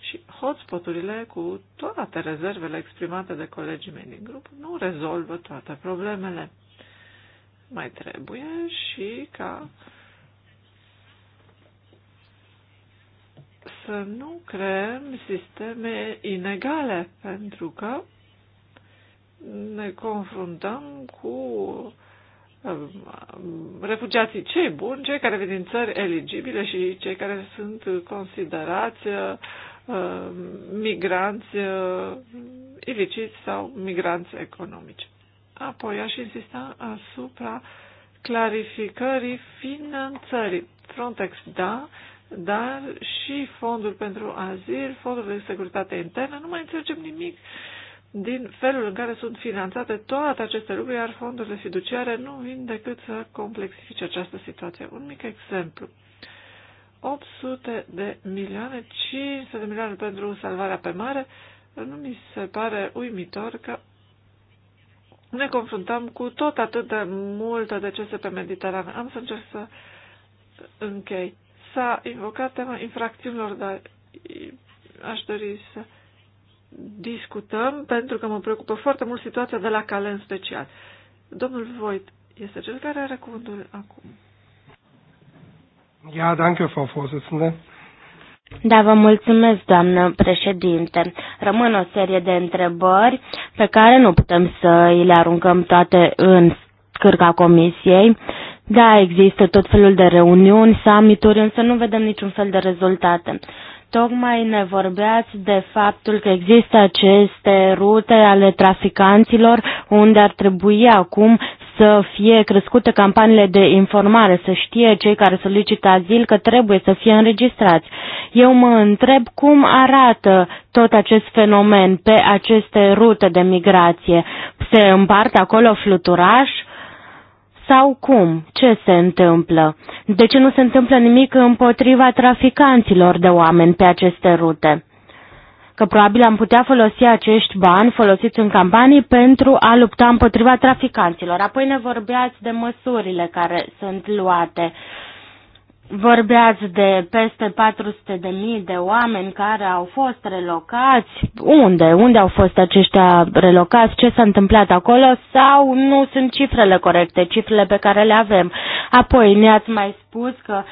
A: Și hotspoturile, cu toate rezervele exprimate de colegii mei din grup, nu rezolvă toate problemele. Mai trebuie și ca să nu creăm sisteme inegale, pentru că ne confruntăm cu Ehm, refugiații cei buni, cei care vin din țări eligibile și cei care sunt considerați ehm, migranți ehm, iliciți sau migranți economici. Apoi aș insista asupra clarificării finanțării. Frontex, da, dar și fondul pentru azil, fondul de securitate internă, nu mai înțelegem nimic uh, din felul în care sunt finanțate toate aceste lucruri, iar fondurile fiduciare nu vin decât să complexifice această situație. Un mic exemplu. 800 de milioane, 500 de milioane pentru salvarea pe mare, nu mi se pare uimitor că ne confruntăm cu tot atât de multă decese pe Mediterană. Am să încerc să închei. S-a invocat tema infracțiunilor, dar aș dori să discutăm, pentru că mă preocupă foarte mult situația de la cale în special. Domnul Voit este cel care are cuvântul acum.
C: Ja, danke, Frau Vorsitzende. Da, vă mulțumesc, doamnă președinte. Rămân o serie de întrebări pe care nu putem să îi le aruncăm toate în scârca comisiei. Da, există tot felul de reuniuni, summituri, însă nu vedem niciun fel de rezultate. Tocmai ne vorbeați de faptul că există aceste rute ale traficanților unde ar trebui acum să fie crescute campaniile de informare, să știe cei care solicită azil că trebuie să fie înregistrați. Eu mă întreb cum arată tot acest fenomen pe aceste rute de migrație. Se împarte acolo fluturași? Sau cum? Ce se întâmplă? De ce nu se întâmplă nimic împotriva traficanților de oameni pe aceste rute? Că probabil am putea folosi acești bani folosiți în campanii pentru a lupta împotriva traficanților. Apoi ne vorbeați de măsurile care sunt luate. Uh, Vorbeați de peste 400.000 de mii de oameni care au fost relocați. Unde? Unde au fost aceștia relocați? Ce s-a întâmplat acolo? Sau nu sunt cifrele corecte, cifrele pe care le avem? Apoi ne-ați mai spus că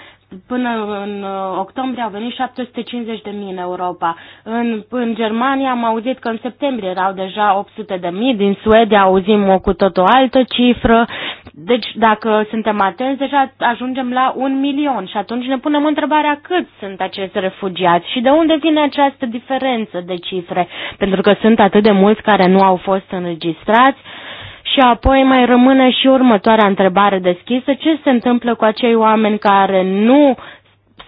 C: până în uh, octombrie au venit 750 de mii în Europa. În, în Germania am auzit că în septembrie erau deja 800 de mii, din Suedia auzim o cu tot o altă cifră. Deci dacă suntem atenți, deja ajungem la un milion și atunci ne punem întrebarea cât sunt acești refugiați și de unde vine această diferență de cifre, pentru că sunt atât de mulți care nu au fost înregistrați și apoi mai rămâne și următoarea întrebare deschisă, ce se întâmplă cu acei oameni care nu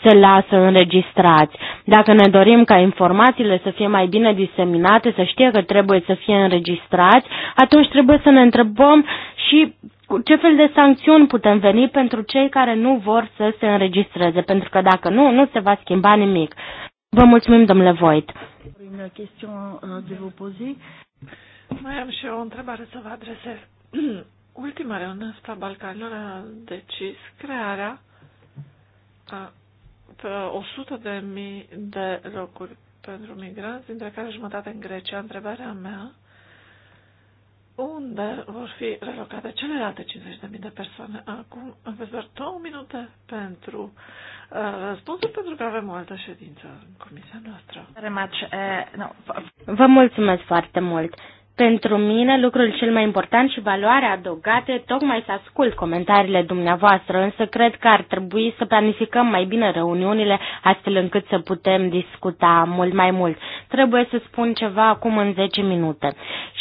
C: se lasă înregistrați. Dacă ne dorim ca informațiile să fie mai bine diseminate, să știe că trebuie să fie înregistrați, atunci trebuie să ne întrebăm și cu ce fel de sancțiuni putem veni pentru cei care nu vor să se înregistreze, pentru că dacă nu, nu se va schimba nimic. Vă mulțumim, domnule Voit.
A: Mai am și eu o întrebare să vă adresez. Ultima reuniune asupra Balcanilor a decis crearea a 100 de mii de locuri pentru migranți, dintre care jumătate în Grecia. Întrebarea mea, unde vor fi relocate celelalte 50.000 de persoane? Acum aveți doar două minute pentru uh, pentru că avem o altă ședință în comisia noastră.
C: Vă mulțumesc foarte mult. Pentru mine, lucrul cel mai important și valoarea adăugată e tocmai să ascult comentariile dumneavoastră, însă cred că ar trebui să planificăm mai bine reuniunile, astfel încât să putem discuta mult mai mult. Trebuie să spun ceva acum în 10 minute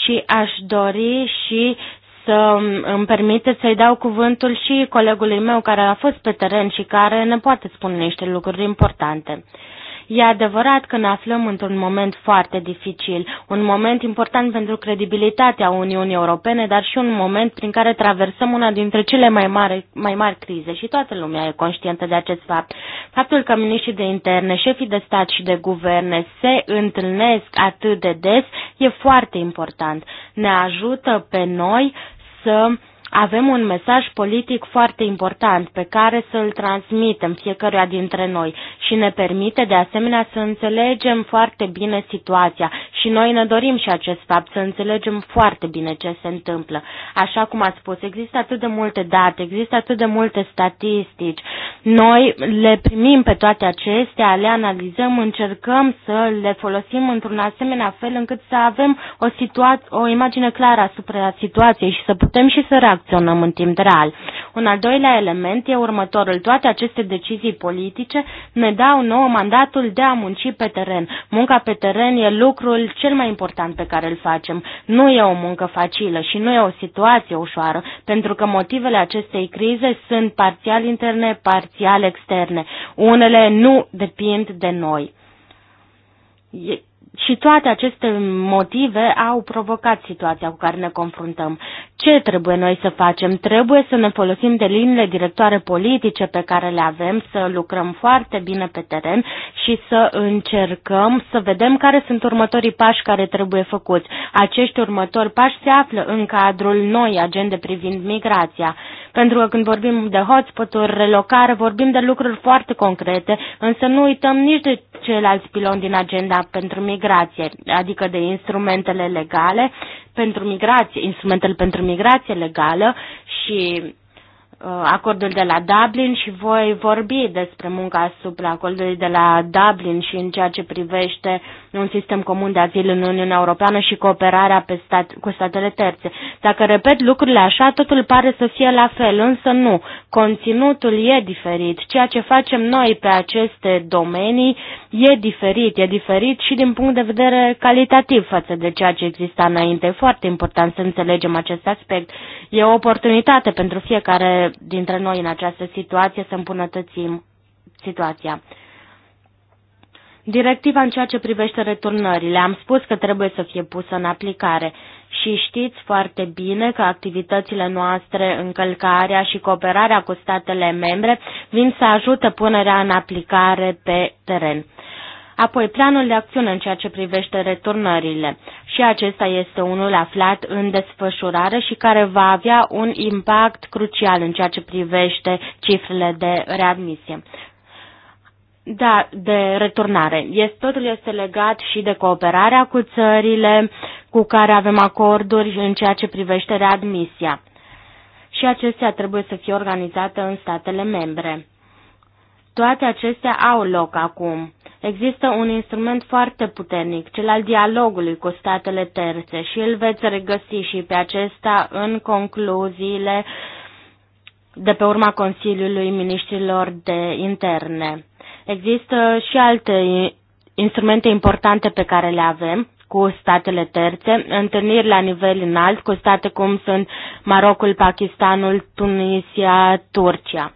C: și aș dori și să îmi permite să-i dau cuvântul și colegului meu care a fost pe teren și care ne poate spune niște lucruri importante. E adevărat că ne aflăm într-un moment foarte dificil, un moment important pentru credibilitatea Uniunii Europene, dar și un moment prin care traversăm una dintre cele mai mari, mai mari crize și toată lumea e conștientă de acest fapt. Faptul că miniștrii de interne, șefii de stat și de guverne se întâlnesc atât de des e foarte important. Ne ajută pe noi să uh, avem un mesaj politic foarte important pe care să-l transmitem fiecăruia dintre noi și ne permite de asemenea să înțelegem foarte bine situația și noi ne dorim și acest fapt, să înțelegem foarte bine ce se întâmplă. Așa cum ați spus, există atât de multe date, există atât de multe statistici. Noi le primim pe toate acestea, le analizăm, încercăm să le folosim într-un asemenea fel încât să avem o, o imagine clară asupra situației și să putem și să reacționăm acționăm în timp real. Un al doilea element e următorul. Toate aceste decizii politice ne dau nouă mandatul de a munci pe teren. Munca pe teren e lucrul cel mai important pe care îl facem. Nu e o muncă facilă și nu e o situație ușoară, pentru că motivele acestei crize sunt parțial interne, parțial externe. Unele nu depind de noi. E și toate aceste motive au provocat situația cu care ne confruntăm. Ce trebuie noi să facem? Trebuie să ne folosim de liniile directoare politice pe care le avem, să lucrăm foarte bine pe teren și să încercăm să vedem care sunt următorii pași care trebuie făcuți. Acești următori pași se află în cadrul noi agende privind migrația. Pentru că când vorbim de hotspot-uri, relocare, vorbim de lucruri foarte concrete, însă nu uităm nici de ceilalți piloni din agenda pentru migrație, adică de instrumentele legale pentru migrație, instrumentele pentru migrație legală și Uh, acordul de la Dublin și voi vorbi despre munca asupra acordului de la Dublin și în ceea ce privește un sistem comun de azil în Uniunea Europeană și cooperarea pe stat, cu statele terțe. Dacă repet lucrurile așa, totul pare să fie la fel, însă nu. Conținutul e diferit. Ceea ce facem noi pe aceste domenii e diferit. E diferit și din punct de vedere calitativ față de ceea ce exista înainte. E foarte important să înțelegem acest aspect. E o oportunitate pentru fiecare dintre noi în această situație să îmbunătățim situația. Directiva în ceea ce privește returnările, am spus că trebuie să fie pusă în aplicare și știți foarte bine că activitățile noastre, încălcarea și cooperarea cu statele membre vin să ajute punerea în aplicare pe teren. Apoi, planul de acțiune în ceea ce privește returnările. Și acesta este unul aflat în desfășurare și care va avea un impact crucial în ceea ce privește cifrele de readmisie. Da, de returnare. Este, totul este legat și de cooperarea cu țările cu care avem acorduri în ceea ce privește readmisia. Și acestea trebuie să fie organizate în statele membre. Toate acestea au loc acum. Există un instrument foarte puternic, cel al dialogului cu statele terțe și îl veți regăsi și pe acesta în concluziile de pe urma Consiliului Ministrilor de Interne. Există și alte instrumente importante pe care le avem cu statele terțe, întâlniri la nivel înalt cu state cum sunt Marocul, Pakistanul, Tunisia, Turcia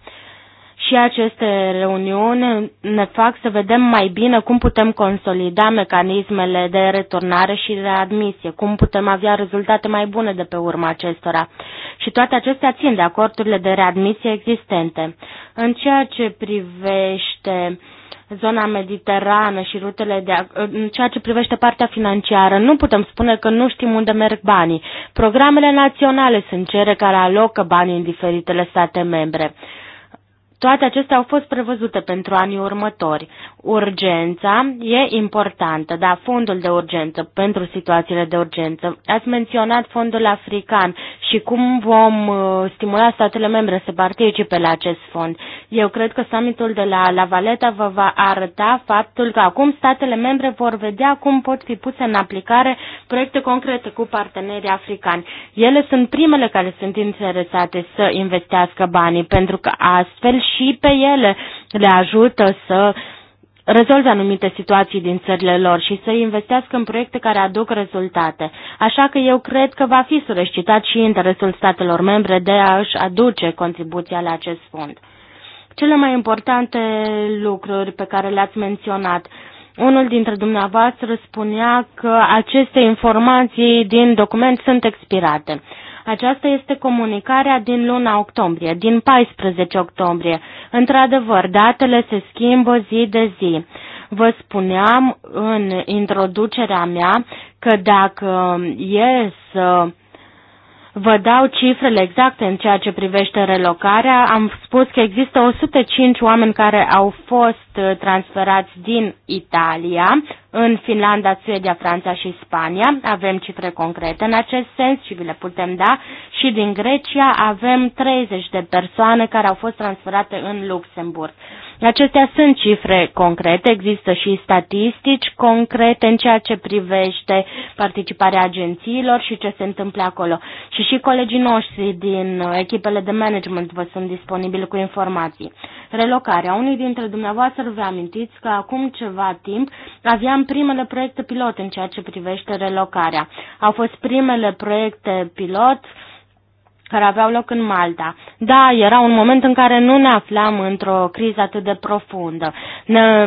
C: și aceste reuniuni ne fac să vedem mai bine cum putem consolida mecanismele de returnare și de admisie, cum putem avea rezultate mai bune de pe urma acestora. Și toate acestea țin de acordurile de readmisie existente. În ceea ce privește zona mediterană și rutele de în ceea ce privește partea financiară, nu putem spune că nu știm unde merg banii. Programele naționale sunt cele care alocă banii în diferitele state membre. Toate acestea au fost prevăzute pentru anii următori. Urgența e importantă, dar fondul de urgență pentru situațiile de urgență. Ați menționat fondul african și cum vom uh, stimula statele membre să participe la acest fond. Eu cred că summitul de la La Valeta vă va arăta faptul că acum statele membre vor vedea cum pot fi puse în aplicare proiecte concrete cu partenerii africani. Ele sunt primele care sunt interesate să investească banii, pentru că astfel și pe ele le ajută să rezolve anumite situații din țările lor și să investească în proiecte care aduc rezultate. Așa că eu cred că va fi solicitat și interesul statelor membre de a și aduce contribuția la acest fond. Cele mai importante lucruri pe care le-ați menționat unul dintre dumneavoastră spunea că aceste informații din document sunt expirate. Aceasta este comunicarea din luna octombrie, din 14 octombrie. Într-adevăr, datele se schimbă zi de zi. Vă spuneam în introducerea mea că dacă e să Vă dau cifrele exacte în ceea ce privește relocarea. Am spus că există 105 oameni care au fost transferați din Italia în Finlanda, Suedia, Franța și Spania avem cifre concrete în acest sens și vi le putem da și din Grecia avem 30 de persoane care au fost transferate în Luxemburg. Acestea sunt cifre concrete, există și statistici concrete în ceea ce privește participarea agențiilor și ce se întâmplă acolo. Și și colegii noștri din echipele de management vă sunt disponibili cu informații. Relocarea. Unii dintre dumneavoastră vă amintiți că acum ceva timp aveam avem primele proiecte pilot în ceea ce privește relocarea. Au fost primele proiecte pilot care aveau loc în Malta. Da, era un moment în care nu ne aflam într-o criză atât de profundă. Ne,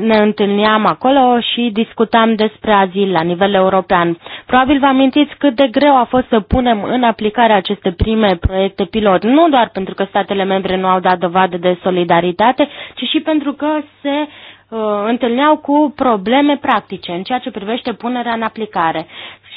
C: ne întâlneam acolo și discutam despre azil la nivel european. Probabil vă amintiți cât de greu a fost să punem în aplicare aceste prime proiecte pilot, nu doar pentru că statele membre nu au dat dovadă de solidaritate, ci și pentru că se Uh, întâlneau cu probleme practice în ceea ce privește punerea în aplicare.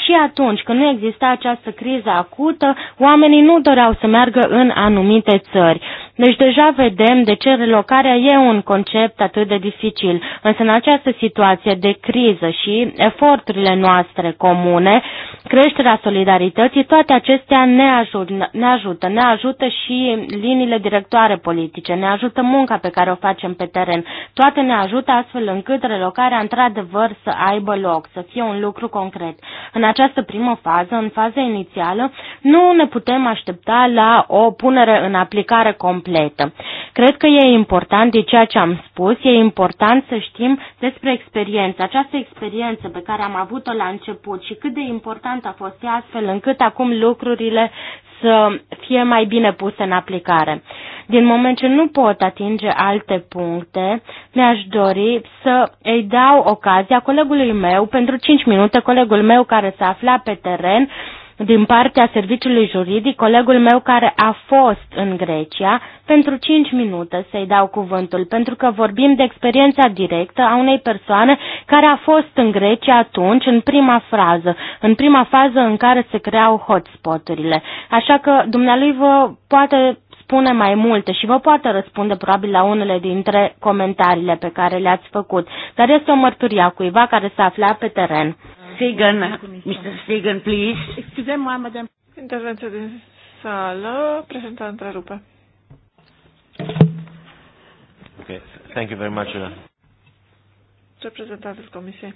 C: Și atunci, când nu exista această criză acută, oamenii nu doreau să meargă în anumite țări. Deci deja vedem de ce relocarea e un concept atât de dificil. Însă în această situație de criză și eforturile noastre comune, creșterea solidarității, toate acestea ne ajută, ne ajută, ne ajută și liniile directoare politice, ne ajută munca pe care o facem pe teren. Toate ne ajută astfel încât relocarea într-adevăr să aibă loc, să fie un lucru concret. În această primă fază, în faza inițială, nu ne putem aștepta la o punere în aplicare completă. Cred că e important de ceea ce am spus, e important să știm despre experiență, această experiență pe care am avut-o la început și cât de important a fost ea astfel încât acum lucrurile să fie mai bine puse în aplicare. Din moment ce nu pot atinge alte puncte, mi-aș dori să îi dau ocazia colegului meu, pentru 5 minute, colegul meu care se afla pe teren, din partea serviciului juridic, colegul meu care a fost în Grecia, pentru 5 minute să-i dau cuvântul, pentru că vorbim de experiența directă a unei persoane care a fost în Grecia atunci, în prima frază, în prima fază în care se creau hotspoturile. Așa că dumnealui vă poate spune mai multe și vă poate răspunde probabil la unele dintre comentariile pe care le-ați făcut, dar este o mărturie a cuiva care se afla pe teren. Sagan, Mr. Sagan, please.
A: Excusez moi madame. Intervenție din sală, președinta întrerupe. Okay, thank you very much, Ula. Uh, Reprezentantul Comisiei.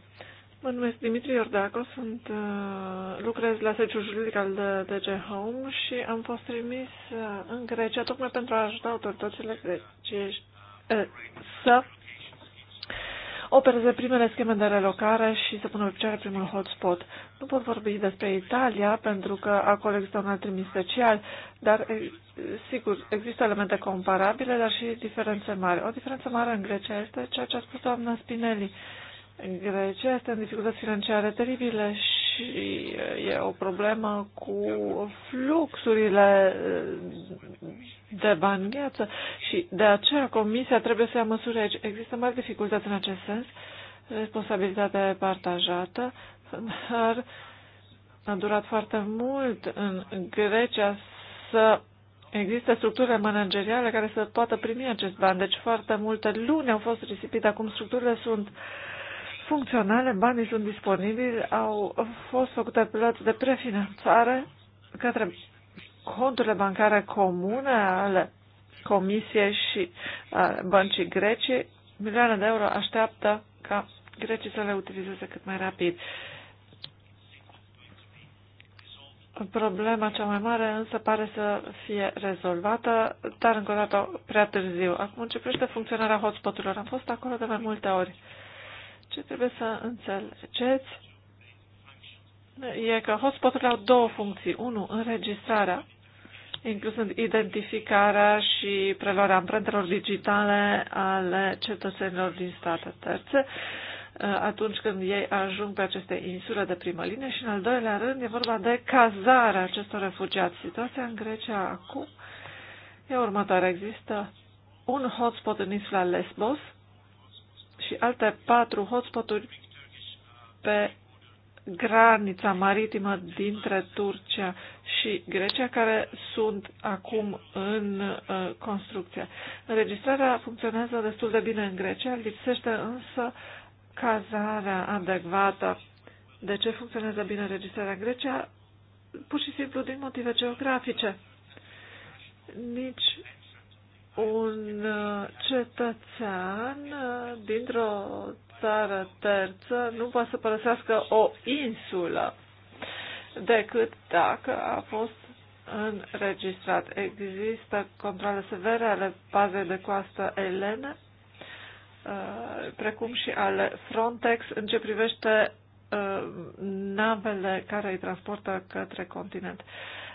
A: Mă numesc Dimitri Iordaco, sunt, uh, lucrez la serviciul juridic al DG Home și am fost trimis uh, în Grecia tocmai pentru a ajuta autoritățile grecești să opereze primele scheme de relocare și să pună pe picioare primul hotspot. Nu pot vorbi despre Italia, pentru că acolo există un alt trimis special, dar, sigur, există elemente comparabile, dar și diferențe mari. O diferență mare în Grecia este ceea ce a spus doamna Spinelli. Grecia este în dificultăți financiare teribile și uh, e o problemă cu fluxurile uh, de bani gheață și de aceea Comisia trebuie să ia măsuri aici. Există mari dificultăți în acest sens, responsabilitatea partajată, dar a durat foarte mult în Grecia să Există structurile manageriale care să poată primi acest ban, deci foarte multe luni au fost risipite. Acum structurile sunt funcționale, banii sunt disponibili, au fost făcute apeluri de prefinanțare către conturile bancare comune ale Comisiei și ale uh, Băncii grecii. Milioane de euro așteaptă ca grecii să le utilizeze cât mai rapid. Problema cea mai mare însă pare să fie rezolvată, dar încă o dată prea târziu. Acum începește funcționarea hotspot-urilor. Am fost acolo de mai multe ori. Ce trebuie să înțelegeți e că hotspoturile au două funcții. Unu, înregistrarea, inclusând identificarea și preluarea amprentelor digitale ale cetățenilor din state terțe uh, atunci când ei ajung pe aceste insule de primă linie și, în al doilea rând, e vorba de cazarea acestor refugiați. Situația în Grecia acum e următoare. Există un hotspot în insula Lesbos, și alte patru hotspoturi pe granița maritimă dintre Turcia și Grecia, care sunt acum în uh, construcție. Înregistrarea funcționează destul de bine în Grecia, lipsește însă cazarea adecvată. De ce funcționează bine înregistrarea în Grecia? Pur și simplu din motive geografice. Nici un uh, cetățean uh, dintr-o țară terță nu poate să părăsească o insulă decât dacă a fost înregistrat. Există controle severe ale bazei de coastă elene, uh, precum și ale Frontex în ce privește navele care îi transportă către continent.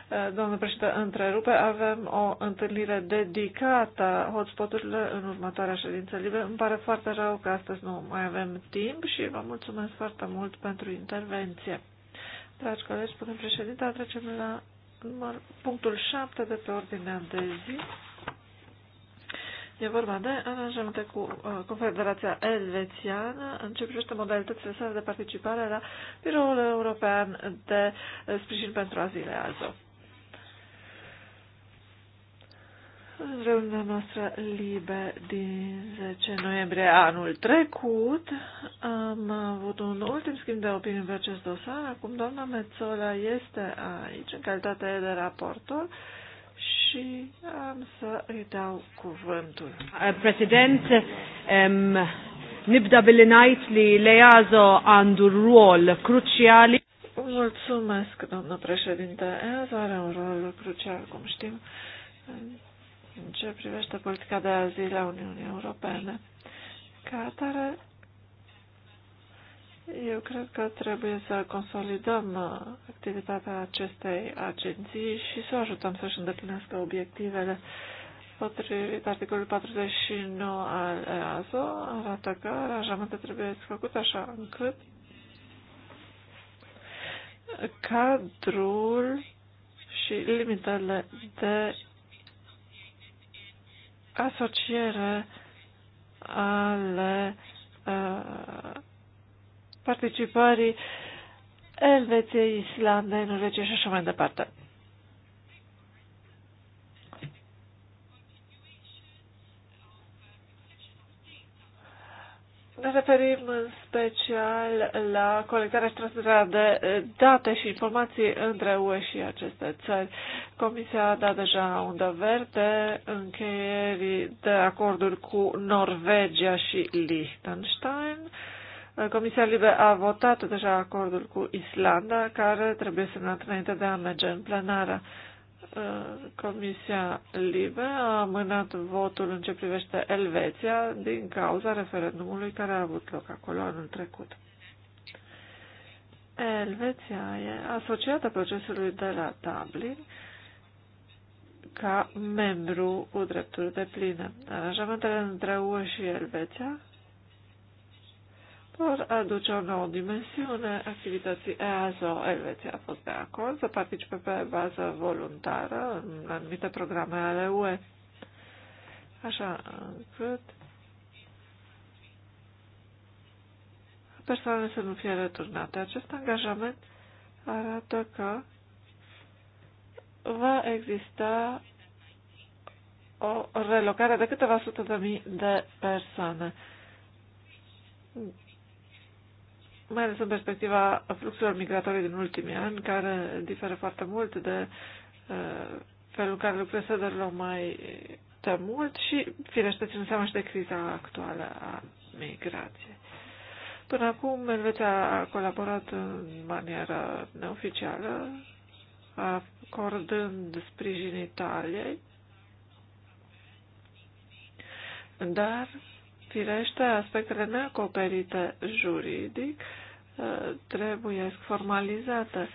A: Eh, Domnul președinte, întrerupe, avem o întâlnire dedicată hotspoturile în următoarea ședință liberă. Îmi pare foarte rău că astăzi nu mai avem timp și vă mulțumesc foarte mult pentru intervenție. Dragi colegi, spune președinte, trecem la punctul 7 de pe ordinea de zi. E vorba de aranjamente cu uh, Confederația Elvețiană în ce privește modalitățile sale de participare la Biroul European de eh, Sprijin pentru Azile Azov. În reuniunea noastră libe din 10 noiembrie anul trecut am avut un ultim schimb de opinii pe acest dosar. Acum doamna Mețola este aici în calitate de raportor și am să îi dau cuvântul. President,
B: um, nibda bilinait li leazo għandu rol cruciali.
A: Mulțumesc, doamnă președinte. EASO are un rol crucial, cum știm în ce privește politica de azil a Uniunii Europene. Ca atare, eu cred că trebuie să consolidăm uh, activitatea acestei agenții și să o ajutăm să-și îndeplinească obiectivele. Potrivit articolului 49 al EASO, arată că aranjamente trebuie făcut așa încât cadrul și limitele de asociere ale uh, participării Elveției, Islandei, Norvegiei și așa mai departe. Ne referim în special la colectarea și de date și informații între UE și aceste țări. Comisia a dat deja undă verde încheierii de acorduri cu Norvegia și Liechtenstein. Comisia Libe a votat deja acordul cu Islanda, care trebuie semnat înainte de a merge în plenară. Comisia Libe a amânat votul în ce privește Elveția din cauza referendumului care a avut loc acolo anul trecut. Elveția e asociată procesului de la Dublin ca membru cu drepturi de plină. Aranjamentele între UE și Elveția vor aduce o nouă dimensiune activității EASO. Elveția a fost de acord să participe pe bază voluntară în anumite programe ale UE, așa încât persoanele să nu fie returnate. Acest angajament arată că va exista o relocare de câteva sute de mii de persoane. Mai ales în perspectiva fluxurilor migratorii din ultimii ani, care diferă foarte mult de uh, felul în care lucrurile se derulau mai de mult și, firește, ținând seama și de criza actuală a migrației. Până acum, Elveția a colaborat în manieră neoficială acordând sprijin Italiei, dar, firește, aspectele neacoperite juridic uh, trebuie formalizate.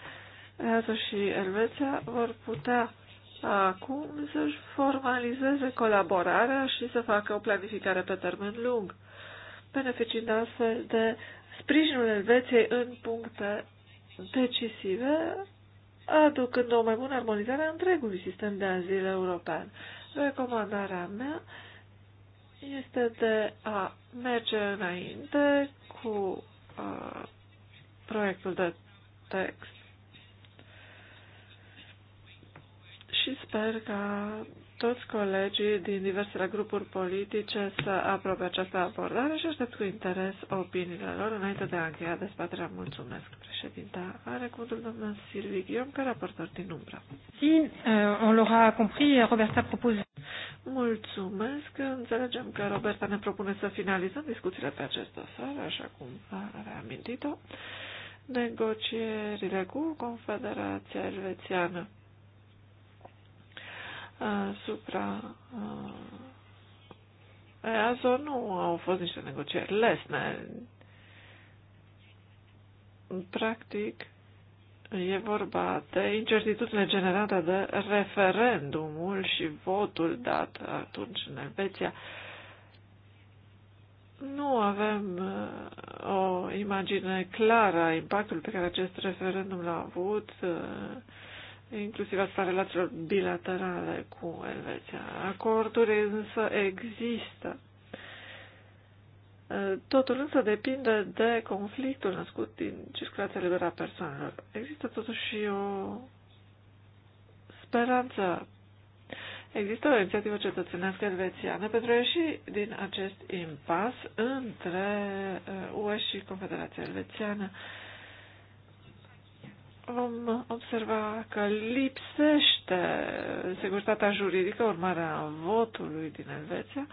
A: Iată și Elveția vor putea acum să-și formalizeze colaborarea și să facă o planificare pe termen lung, beneficiind astfel de sprijinul Elveției în puncte decisive aducând o mai bună armonizare a întregului sistem de azil european. Recomandarea mea este de a merge înainte cu uh, proiectul de text și sper că toți colegii din diversele grupuri politice să aprobe această abordare și aștept cu interes opiniile lor înainte de a încheia dezbaterea. Mulțumesc, președinta. Are cuvântul doamna Silvi Ghiom, ca raportor din umbră.
B: Si, uh, on l'aura compris, Roberta propose...
A: Mulțumesc. Înțelegem că Roberta ne propune să finalizăm discuțiile pe acest dosar, așa cum a reamintit-o. Negocierile cu Confederația Elvețiană asupra uh, EASO nu au fost niște negocieri lesne. Practic, e vorba de incertitudine generată de referendumul și votul dat atunci în Elveția. Nu avem uh, o imagine clară a impactului pe care acest referendum l-a avut uh, inclusiv asupra relațiilor bilaterale cu Elveția. Acorduri însă există. Totul însă depinde de conflictul născut din circulația liberă a persoanelor. Există totuși o speranță. Există o inițiativă cetățenească elvețiană pentru a ieși din acest impas între UE uh, și Confederația Elvețiană. Uh, vom observa că lipsește securitatea juridică, urmarea votului din Elveția.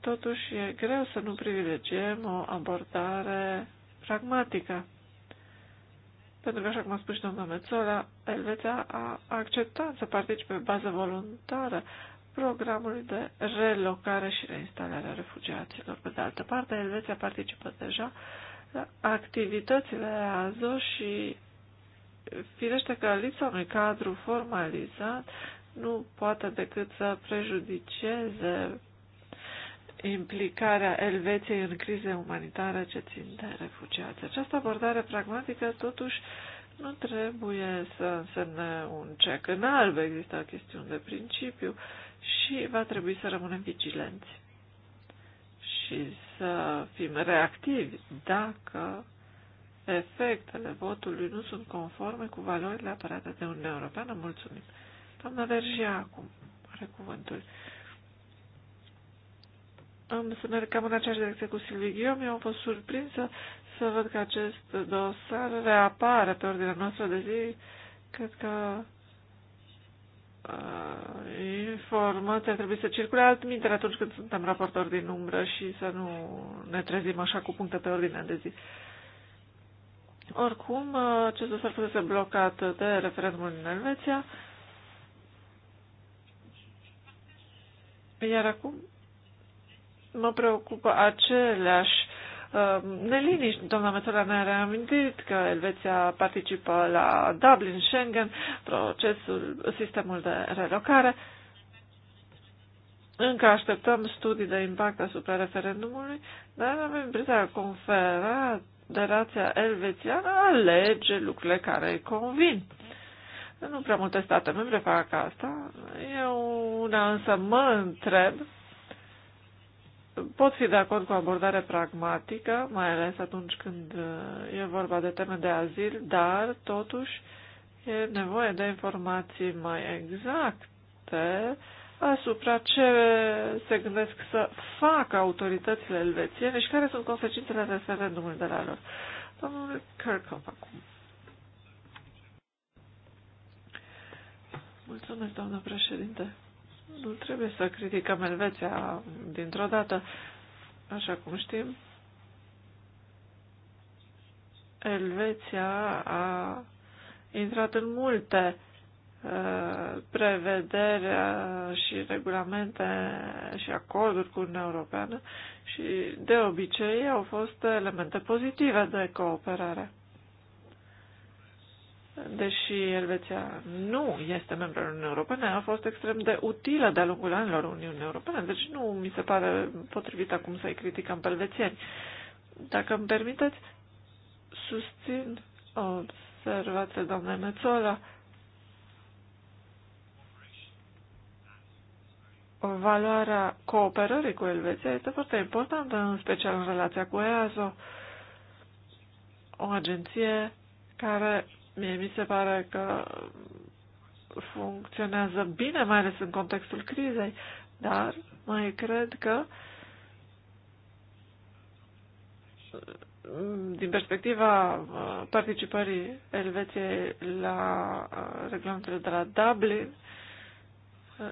A: Totuși, e greu să nu privilegiem o abordare pragmatică. Pentru că, așa cum a spus și doamna Mețola, Elveția a acceptat să participe pe bază voluntară programului de relocare și reinstalare a refugiaților. Pe de altă parte, Elveția participă deja uh, activitățile EASO și firește că lipsa unui cadru formalizat nu poate decât să prejudiceze implicarea Elveției în crize umanitare ce țin de refugiați. Această abordare pragmatică, totuși, nu trebuie să însemne un cec în alb, există chestiuni de principiu și va trebui să rămânem vigilenți și să fim reactivi dacă efectele votului nu sunt conforme cu valorile apărate de Uniunea Europeană. Mulțumim. Doamna Vergia acum are cuvântul. Am să merg cam în aceeași direcție cu Silviu Ghiom. Eu am fost surprinsă să văd că acest dosar reapare pe ordinea noastră de zi. Cred că Uh, informația trebuie să circule altminteri atunci când suntem raportori din umbră și să nu ne trezim așa cu puncte pe ordine de zi. Oricum, acest dosar fusese blocat de referendumul în Elveția, iar acum mă preocupă aceleași Um, neliniști. Doamna Mețola ne-a reamintit că Elveția participă la Dublin, Schengen, procesul, sistemul de relocare. Încă așteptăm studii de impact asupra referendumului, dar avem impresia că de Federația Elvețiană alege lucrurile care îi convin. Nu prea multe state membre fac asta. Eu una însă mă întreb pot fi de acord cu abordarea abordare pragmatică, mai ales atunci când uh, e vorba de teme de azil, dar totuși e nevoie de informații mai exacte asupra ce se gândesc să facă autoritățile elvețiene și care sunt consecințele referendumului de la lor. Domnul Kirchhoff acum. Mulțumesc, doamnă președinte. Nu trebuie să criticăm Elveția dintr-o dată, așa cum știm. Elveția a intrat în multe prevedere uh, prevederi uh, și regulamente și acorduri cu Uniunea Europeană și de obicei au fost elemente pozitive de cooperare deși Elveția nu este membru al Uniunii Europene, a fost extrem de utilă de-a lungul anilor Uniunii Europene, deci nu mi se pare potrivit acum să-i criticăm pe elvețieni. Dacă îmi permiteți, susțin observația doamnei Mețola, valoarea cooperării cu Elveția este foarte importantă, în special în relația cu EASO, o agenție care Mie mi se pare că funcționează bine, mai ales în contextul crizei, dar mai cred că din perspectiva uh, participării Elveției la uh, reglementele de la Dublin, uh,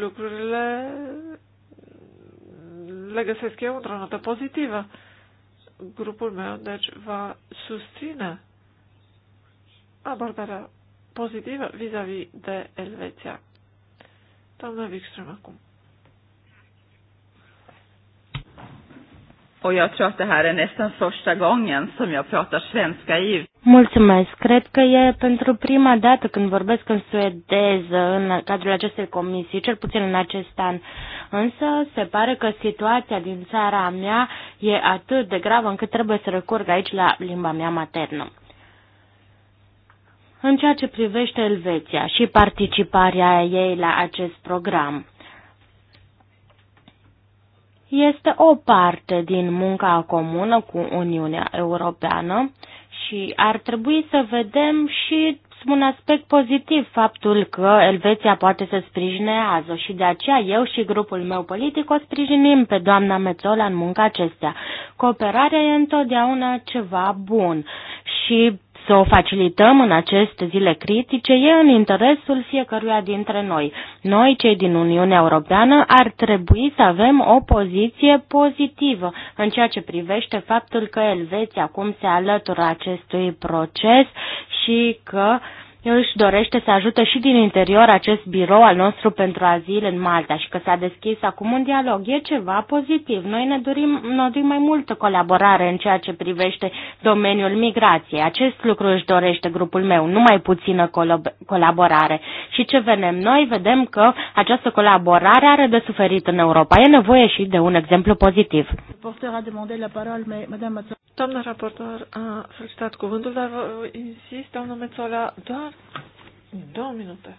A: lucrurile le găsesc eu într-o notă pozitivă. Grupul meu, deci, va susține abordarea pozitivă vis-a-vis -vis de Elveția. Doamna Wikström acum.
B: Och jag tror att det här är nästan första gången som jag pratar svenska i
C: Mulțumesc. Cred că e pentru prima dată când vorbesc în suedeză în cadrul acestei comisii, cel puțin în acest an. Însă se pare că situația din țara mea e atât de gravă încât trebuie să recurg aici la limba mea maternă. În ceea ce privește Elveția și participarea ei la acest program, este o parte din munca comună cu Uniunea Europeană și ar trebui să vedem și un aspect pozitiv faptul că Elveția poate să sprijine AZO și de aceea eu și grupul meu politic o sprijinim pe doamna Mețola în munca acestea. Cooperarea e întotdeauna ceva bun și să o facilităm în aceste zile critice e în interesul fiecăruia dintre noi. Noi, cei din Uniunea Europeană, ar trebui să avem o poziție pozitivă în ceea ce privește faptul că Elveția acum se alătură acestui proces și că uh, își dorește să ajute și din interior acest birou al nostru pentru azil în Malta și că s-a deschis acum un dialog. E ceva pozitiv. Noi ne dorim, ne dorim mai multă colaborare în ceea ce privește domeniul migrației. Acest lucru își dorește grupul meu, nu mai puțină colaborare. Și ce vedem noi? Vedem că această colaborare are de suferit în Europa. E nevoie și de un exemplu pozitiv.
B: Doamna raportor a solicitat cuvântul,
A: dar uh, insist, doamna Mețola, doar Două minute.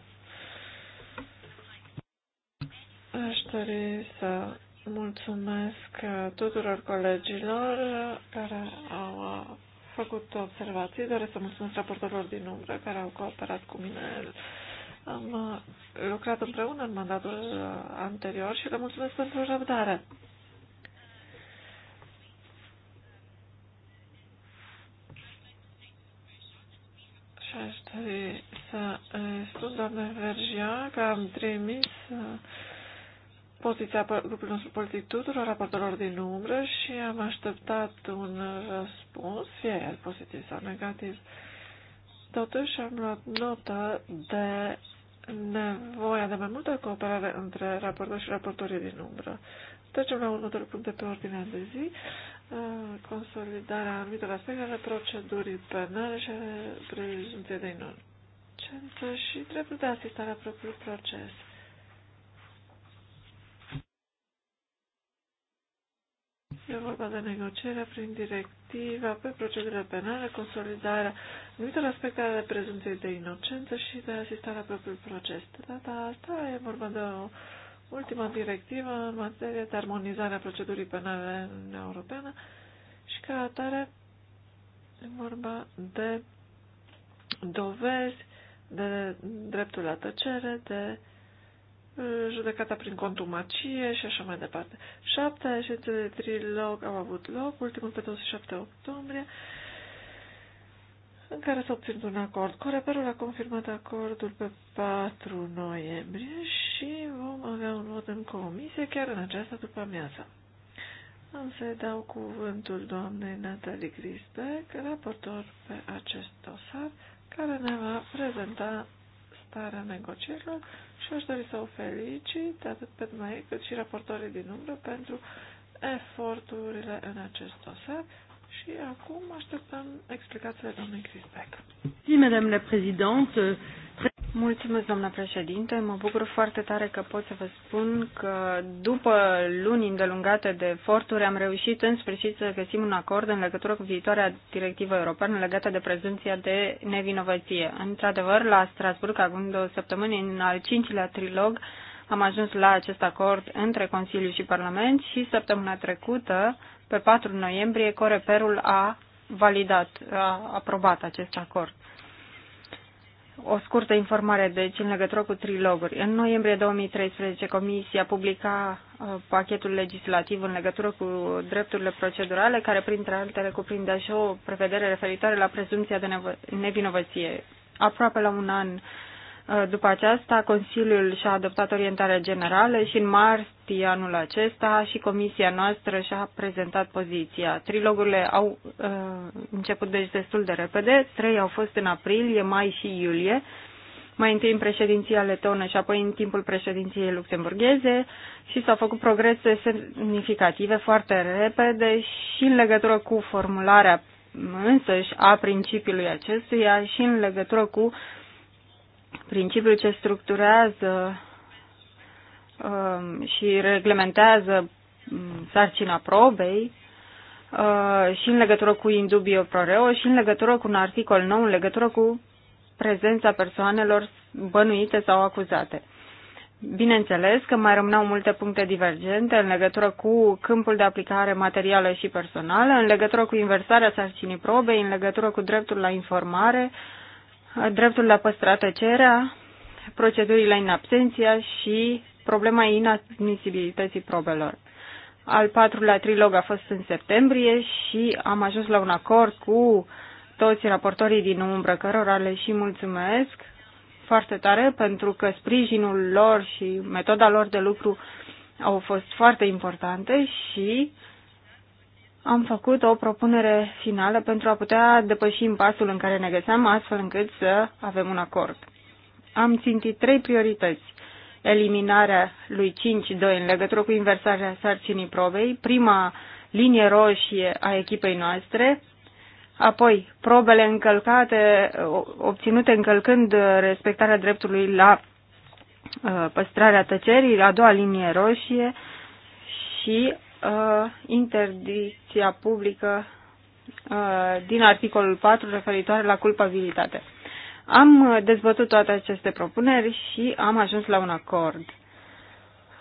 A: Aș dori să mulțumesc tuturor colegilor care au făcut observații. Doresc să mulțumesc raportorilor din umbră care au cooperat cu mine. Am lucrat împreună în mandatul anterior și le mulțumesc pentru răbdare. aș să eh, spun, doamne că am trimis eh, poziția grupului nostru politic tuturor raportelor din umbră și am așteptat un răspuns, fie el pozitiv sau negativ. Totuși am luat notă de nevoia de mai multă cooperare între raportul și raportorii din umbră. Trecem la următorul punct de pe ordinea de zi consolidarea anumitor aspecte ale procedurii penale și ale prezumției de inocență și dreptul de asistare a propriului proces. E vorba de negocierea prin directiva pe procedurile penale, consolidarea anumitor aspecte ale prezumției de inocență și de asistarea propriului proces. De data asta e vorba de o ultima directivă în materie de armonizare a procedurii penale în Europeană și ca atare e vorba de dovezi, de dreptul la tăcere, de uh, judecata prin contumacie și așa mai departe. Șapte ședințe de trilog au avut loc, ultimul pe 27 octombrie în care s-a obținut un acord. Coreperul a confirmat acordul pe 4 noiembrie și vom avea un vot în comisie chiar în această după amiază. Am să dau cuvântul doamnei Natalie Grisbeck, raportor pe acest dosar, care ne va prezenta starea negocierilor și aș dori să o felicit atât pe mai cât și raportorii din umbră pentru eforturile în acest dosar și acum așteptăm explicațiile doamnei Crispec.
B: Madame la Présidente, Mulțumesc, doamna președinte. Mă bucur foarte tare că pot să vă spun că după luni îndelungate de eforturi am reușit în sfârșit să găsim un acord în legătură cu viitoarea directivă europeană legată de prezumția de nevinovăție. Într-adevăr, la Strasburg, acum două săptămâni, în al cincilea trilog, am ajuns la acest acord între Consiliu și Parlament și săptămâna trecută, pe 4 noiembrie, Coreperul a validat, a aprobat acest acord. O scurtă informare, deci, în legătură cu triloguri. În noiembrie 2013, Comisia publica uh, pachetul legislativ în legătură cu drepturile procedurale, care, printre altele, cuprindea și o prevedere referitoare la prezumția de nevinovăție. Aproape la un an Uh, după aceasta, Consiliul și-a adoptat orientarea generală și în martie anul acesta și comisia noastră și-a prezentat poziția. Trilogurile au uh, început deci destul de repede, trei au fost în aprilie, mai și iulie, mai întâi în președinția letonă și apoi în timpul președinției luxemburgheze și s-au făcut progrese semnificative foarte repede și în legătură cu formularea însăși a principiului acestuia și în legătură cu principiul ce structurează um, și reglementează mm, sarcina probei uh, și în legătură cu indubio pro reo și în legătură cu un articol nou în legătură cu prezența persoanelor bănuite sau acuzate. Bineînțeles că mai rămâneau multe puncte divergente în legătură cu câmpul de aplicare materială și personală, în legătură cu inversarea sarcinii probei, în legătură cu dreptul la informare, dreptul la păstrată cerea procedurile în absenția și problema inadmisibilității probelor. Al patrulea trilog a fost în septembrie și am ajuns la un acord cu toți raportorii din umbră, cărora le și mulțumesc foarte tare pentru că sprijinul lor și metoda lor de lucru au fost foarte importante și am făcut o propunere finală pentru a putea depăși impasul în care ne găseam, astfel încât să avem un acord. Am țintit trei priorități. Eliminarea lui 5-2 în legătură cu inversarea sarcinii probei, prima linie roșie a echipei noastre, apoi probele încălcate, obținute încălcând respectarea dreptului la uh, păstrarea tăcerii, a doua linie roșie și uh, interdicția publică uh, din articolul 4 referitoare la culpabilitate. Am uh, dezbătut toate aceste propuneri și am ajuns la un acord.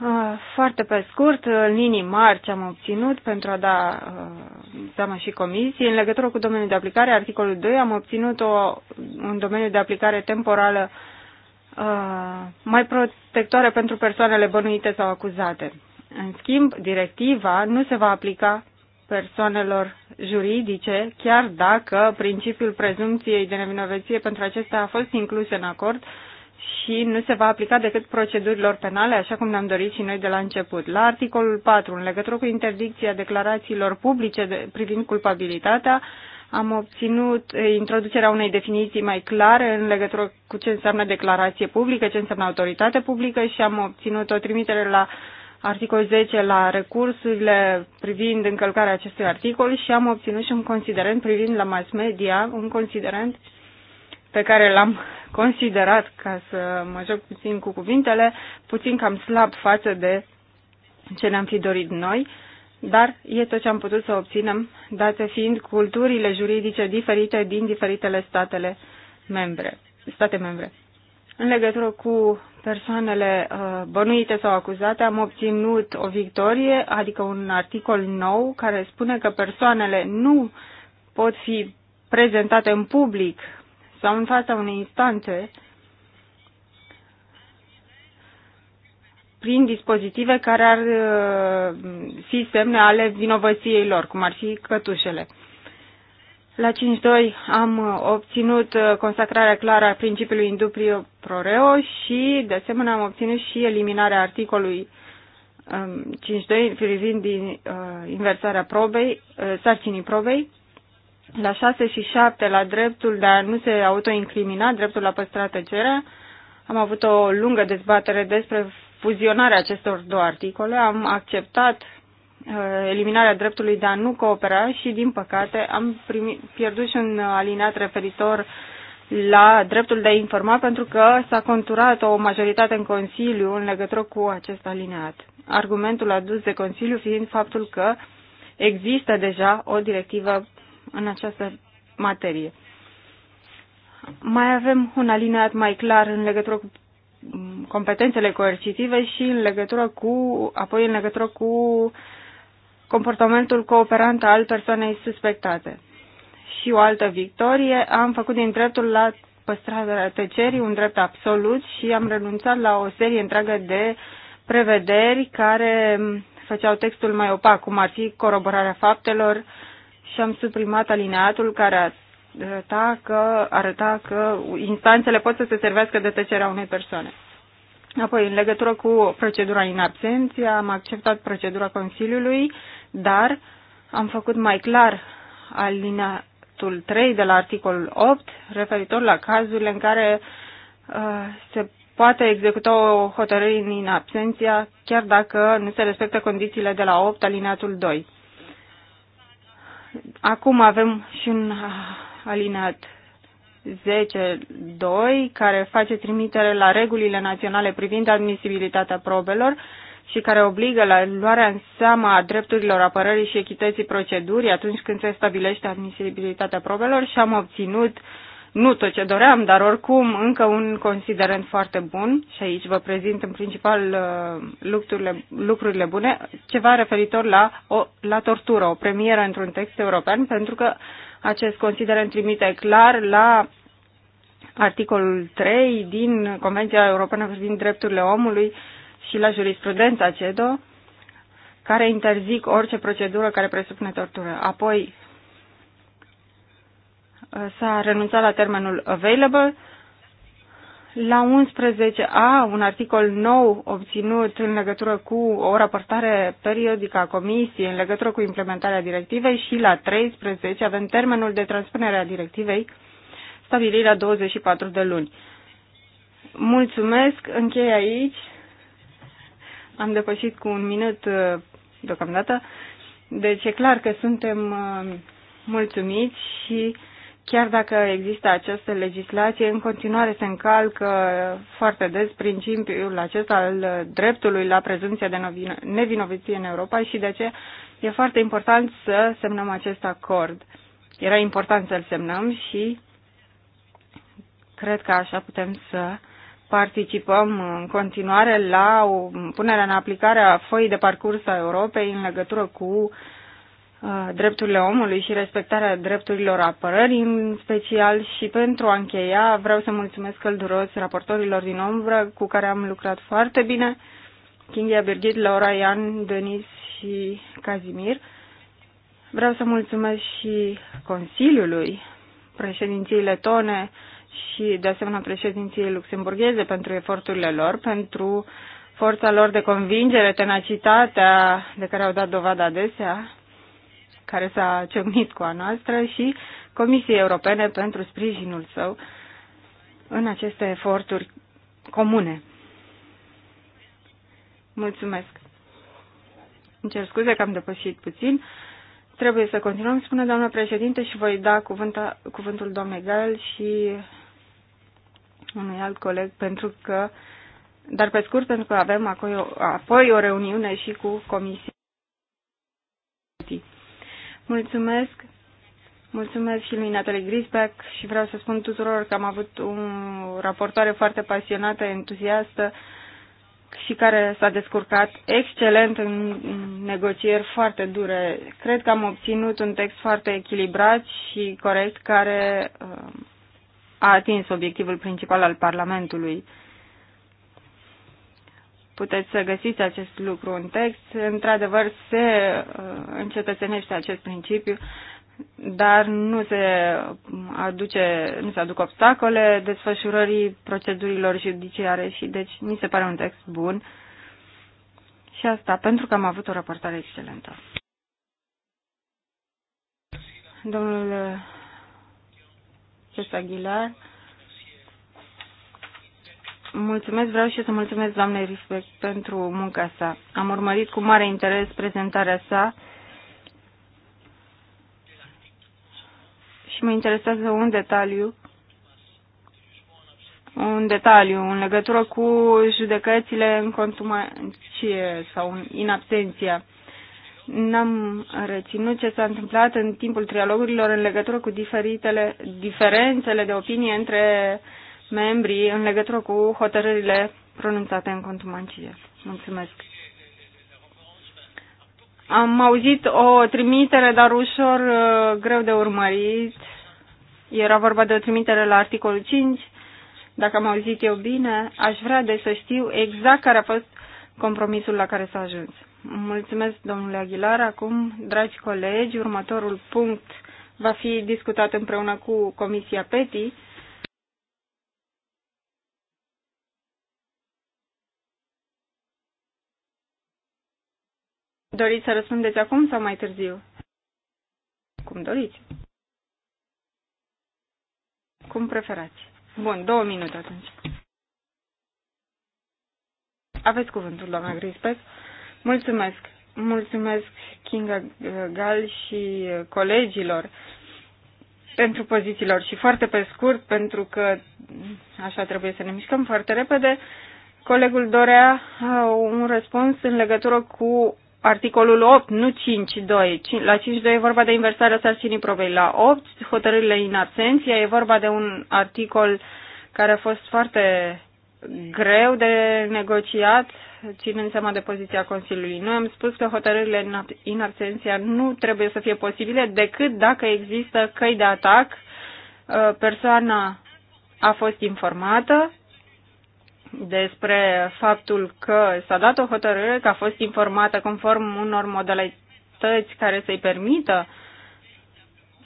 B: Uh, foarte pe scurt, în linii mari ce am obținut pentru a da uh, seama și comisie, în legătură cu domeniul de aplicare, articolul 2, am obținut o, un domeniu de aplicare temporală mai protectoare pentru persoanele bănuite sau acuzate. În schimb, directiva nu se va aplica persoanelor juridice, chiar dacă principiul prezumției de nevinovăție pentru acestea a fost inclus în acord și nu se va aplica decât procedurilor penale, așa cum ne-am dorit și noi de la început. La articolul 4, în legătură cu interdicția declarațiilor publice de, privind culpabilitatea, am obținut introducerea unei definiții mai clare în legătură cu ce înseamnă declarație publică, ce înseamnă autoritate publică și am obținut o trimitere la uh, articol 10 la recursurile privind încălcarea acestui articol și am obținut și un considerent privind la mass media, un considerent pe care l-am considerat, ca să mă joc puțin cu cuvintele, puțin cam slab față de ce ne-am fi dorit noi, dar e tot ce am putut să obținem, date fiind culturile juridice diferite din diferitele statele membre, state membre. În legătură cu persoanele uh, bănuite sau acuzate, am obținut o victorie, adică un articol nou care spune că persoanele nu pot fi prezentate în public sau în fața unei instanțe prin dispozitive care ar uh, fi semne ale vinovăției lor, cum ar fi cătușele. La 5.2 am uh, obținut uh, consacrarea clară a principiului pro proreo și, de asemenea, am obținut și eliminarea articolului 5.2 um, privind din, uh, inversarea probei, sarcinii probei. La 6 și 7, la dreptul de a nu se autoincrimina, dreptul la păstra tăcerea, am avut o lungă dezbatere despre fuzionarea acestor două articole. Am acceptat Uh, eliminarea dreptului de a nu coopera și, din păcate, am primit, pierdut și un alineat referitor la dreptul de a informa pentru că s-a conturat o majoritate în Consiliu în legătură cu acest alineat. Argumentul adus de Consiliu fiind faptul că există deja o directivă în această materie. Mai avem un alineat mai clar în legătură cu competențele coercitive și în legătură cu, apoi în legătură cu comportamentul cooperant al persoanei suspectate. Și o altă victorie, am făcut din dreptul la păstrarea tăcerii un drept absolut și am renunțat la o serie întreagă de prevederi care făceau textul mai opac, cum ar fi coroborarea faptelor și am suprimat alineatul care arăta că, arăta că instanțele pot să se servească de tăcerea unei persoane. Apoi, în legătură cu procedura în absenție, am acceptat procedura Consiliului, dar am făcut mai clar alineatul 3 de la articolul 8, referitor la cazurile în care uh, se poate executa o hotărâre în absenția, chiar dacă nu se respectă condițiile de la 8 alineatul 2. Acum avem și un alineat 10.2, care face trimitere la regulile naționale privind admisibilitatea probelor și care obligă la luarea în seamă a drepturilor apărării și echității procedurii atunci când se stabilește admisibilitatea probelor și am obținut nu tot ce doream, dar oricum încă un considerent foarte bun și aici vă prezint în principal uh, lucrurile, lucrurile bune, ceva referitor la, o, la tortură, o premieră într-un text european, pentru că uh, acest considerent trimite clar la articolul 3 din Convenția Europeană privind drepturile omului și la jurisprudența CEDO, care interzic orice procedură care presupune tortură. Apoi s-a renunțat la termenul available la 11a, un articol nou obținut în legătură cu o raportare periodică a Comisiei în legătură cu implementarea directivei și la 13 avem termenul de transpunere a directivei stabilirea 24 de luni. Mulțumesc, închei aici. Am depășit cu un minut uh, deocamdată. Deci e clar că suntem uh, mulțumiți și Chiar dacă există această legislație, în continuare se încalcă foarte des principiul acesta al dreptului la prezumția de nevinovăție în Europa și de aceea e foarte important să semnăm acest acord. Era important să-l semnăm și cred că așa putem să participăm în continuare la punerea în aplicare a foii de parcurs a Europei în legătură cu Uh, drepturile omului și respectarea drepturilor apărării în special și pentru a încheia vreau să mulțumesc călduros raportorilor din ombră cu care am lucrat foarte bine, Kingia Birgit, Laura Ian, Denis și Kazimir. Vreau să mulțumesc și Consiliului, președinției letone și de asemenea președinției luxemburgheze pentru eforturile lor, pentru forța lor de convingere, tenacitatea de care au dat dovadă adesea care s-a ciocnit cu a noastră și Comisiei Europene pentru sprijinul său în aceste eforturi comune. Mulțumesc. Îmi cer scuze că am depășit puțin. Trebuie să continuăm, spune doamna președinte, și voi da cuvânta, cuvântul doamnei Gal și unui alt coleg, pentru că, dar pe scurt, pentru că avem apoi o, apoi o reuniune și cu comisia. Mulțumesc! Mulțumesc și lui Natalie Grisbeck și vreau să spun tuturor că am avut o raportoare foarte pasionată, entuziastă și care s-a descurcat excelent în negocieri foarte dure. Cred că am obținut un text foarte echilibrat și corect care uh, a atins obiectivul principal al Parlamentului puteți să găsiți acest lucru în text. Într-adevăr, se uh, încetățenește acest principiu, dar nu se, aduce, nu se aduc obstacole desfășurării procedurilor judiciare și deci mi se pare un text bun. Și asta pentru că am avut o raportare excelentă. Domnul Cesc Aguilar. Mulțumesc, vreau și să mulțumesc doamnei Respect pentru munca sa. Am urmărit cu mare interes prezentarea sa și mă interesează un detaliu un detaliu în legătură cu judecățile în contumacie sau în absenția. N-am reținut ce s-a întâmplat în timpul trialogurilor în legătură cu diferitele diferențele de opinie între uh, membrii în legătură cu hotărârile pronunțate în contumancie. Mulțumesc. Am auzit o trimitere, dar ușor uh, greu de urmărit. Era vorba de o trimitere la articolul 5. Dacă am auzit eu bine, aș vrea de să știu exact care a fost compromisul la care s-a ajuns. Mulțumesc, domnule Aguilar. Acum, dragi colegi, următorul punct va fi discutat împreună cu Comisia PETI Doriți să răspundeți acum sau mai târziu? Cum doriți. Cum preferați. Bun, două minute atunci. Aveți cuvântul, doamna Grispec. Mulțumesc. Mulțumesc Kinga Gal și colegilor pentru pozițiilor și foarte pe scurt, pentru că așa trebuie să ne mișcăm foarte repede. Colegul dorea un răspuns în legătură cu articolul 8, nu 5.2. La 5.2 e vorba de inversarea sarcinii probei. La 8, hotărârile în absenție, e vorba de un articol care a fost foarte greu de negociat, ținând seama de poziția Consiliului. Noi am spus că hotărârile în absenția nu trebuie să fie posibile decât dacă există căi de atac, uh, persoana a fost informată despre faptul că s-a dat o hotărâre, că a fost informată conform unor modalități care să-i permită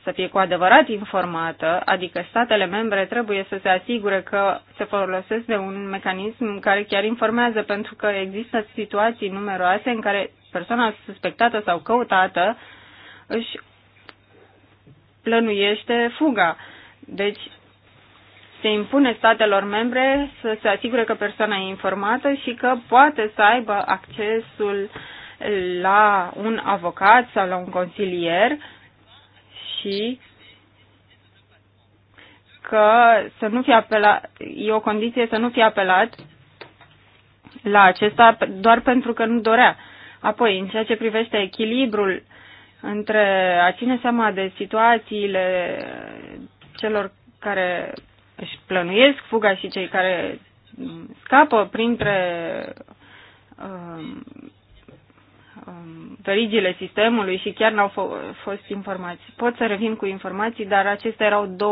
B: să fie cu adevărat informată, adică statele membre trebuie să se asigure că se folosesc de un mecanism care chiar informează, pentru că există situații numeroase în care persoana suspectată sau căutată își plănuiește fuga. Deci se impune statelor membre să se asigure că persoana e informată și că poate să aibă accesul la un avocat sau la un consilier și că să nu fie apelat, e o condiție să nu fie apelat la acesta doar pentru că nu dorea. Apoi, în ceea ce privește echilibrul între a ține seama de situațiile celor care își plănuiesc fuga și cei care scapă printre um, um, verigile sistemului și chiar n-au fost informați. Pot să revin cu informații, dar acestea erau două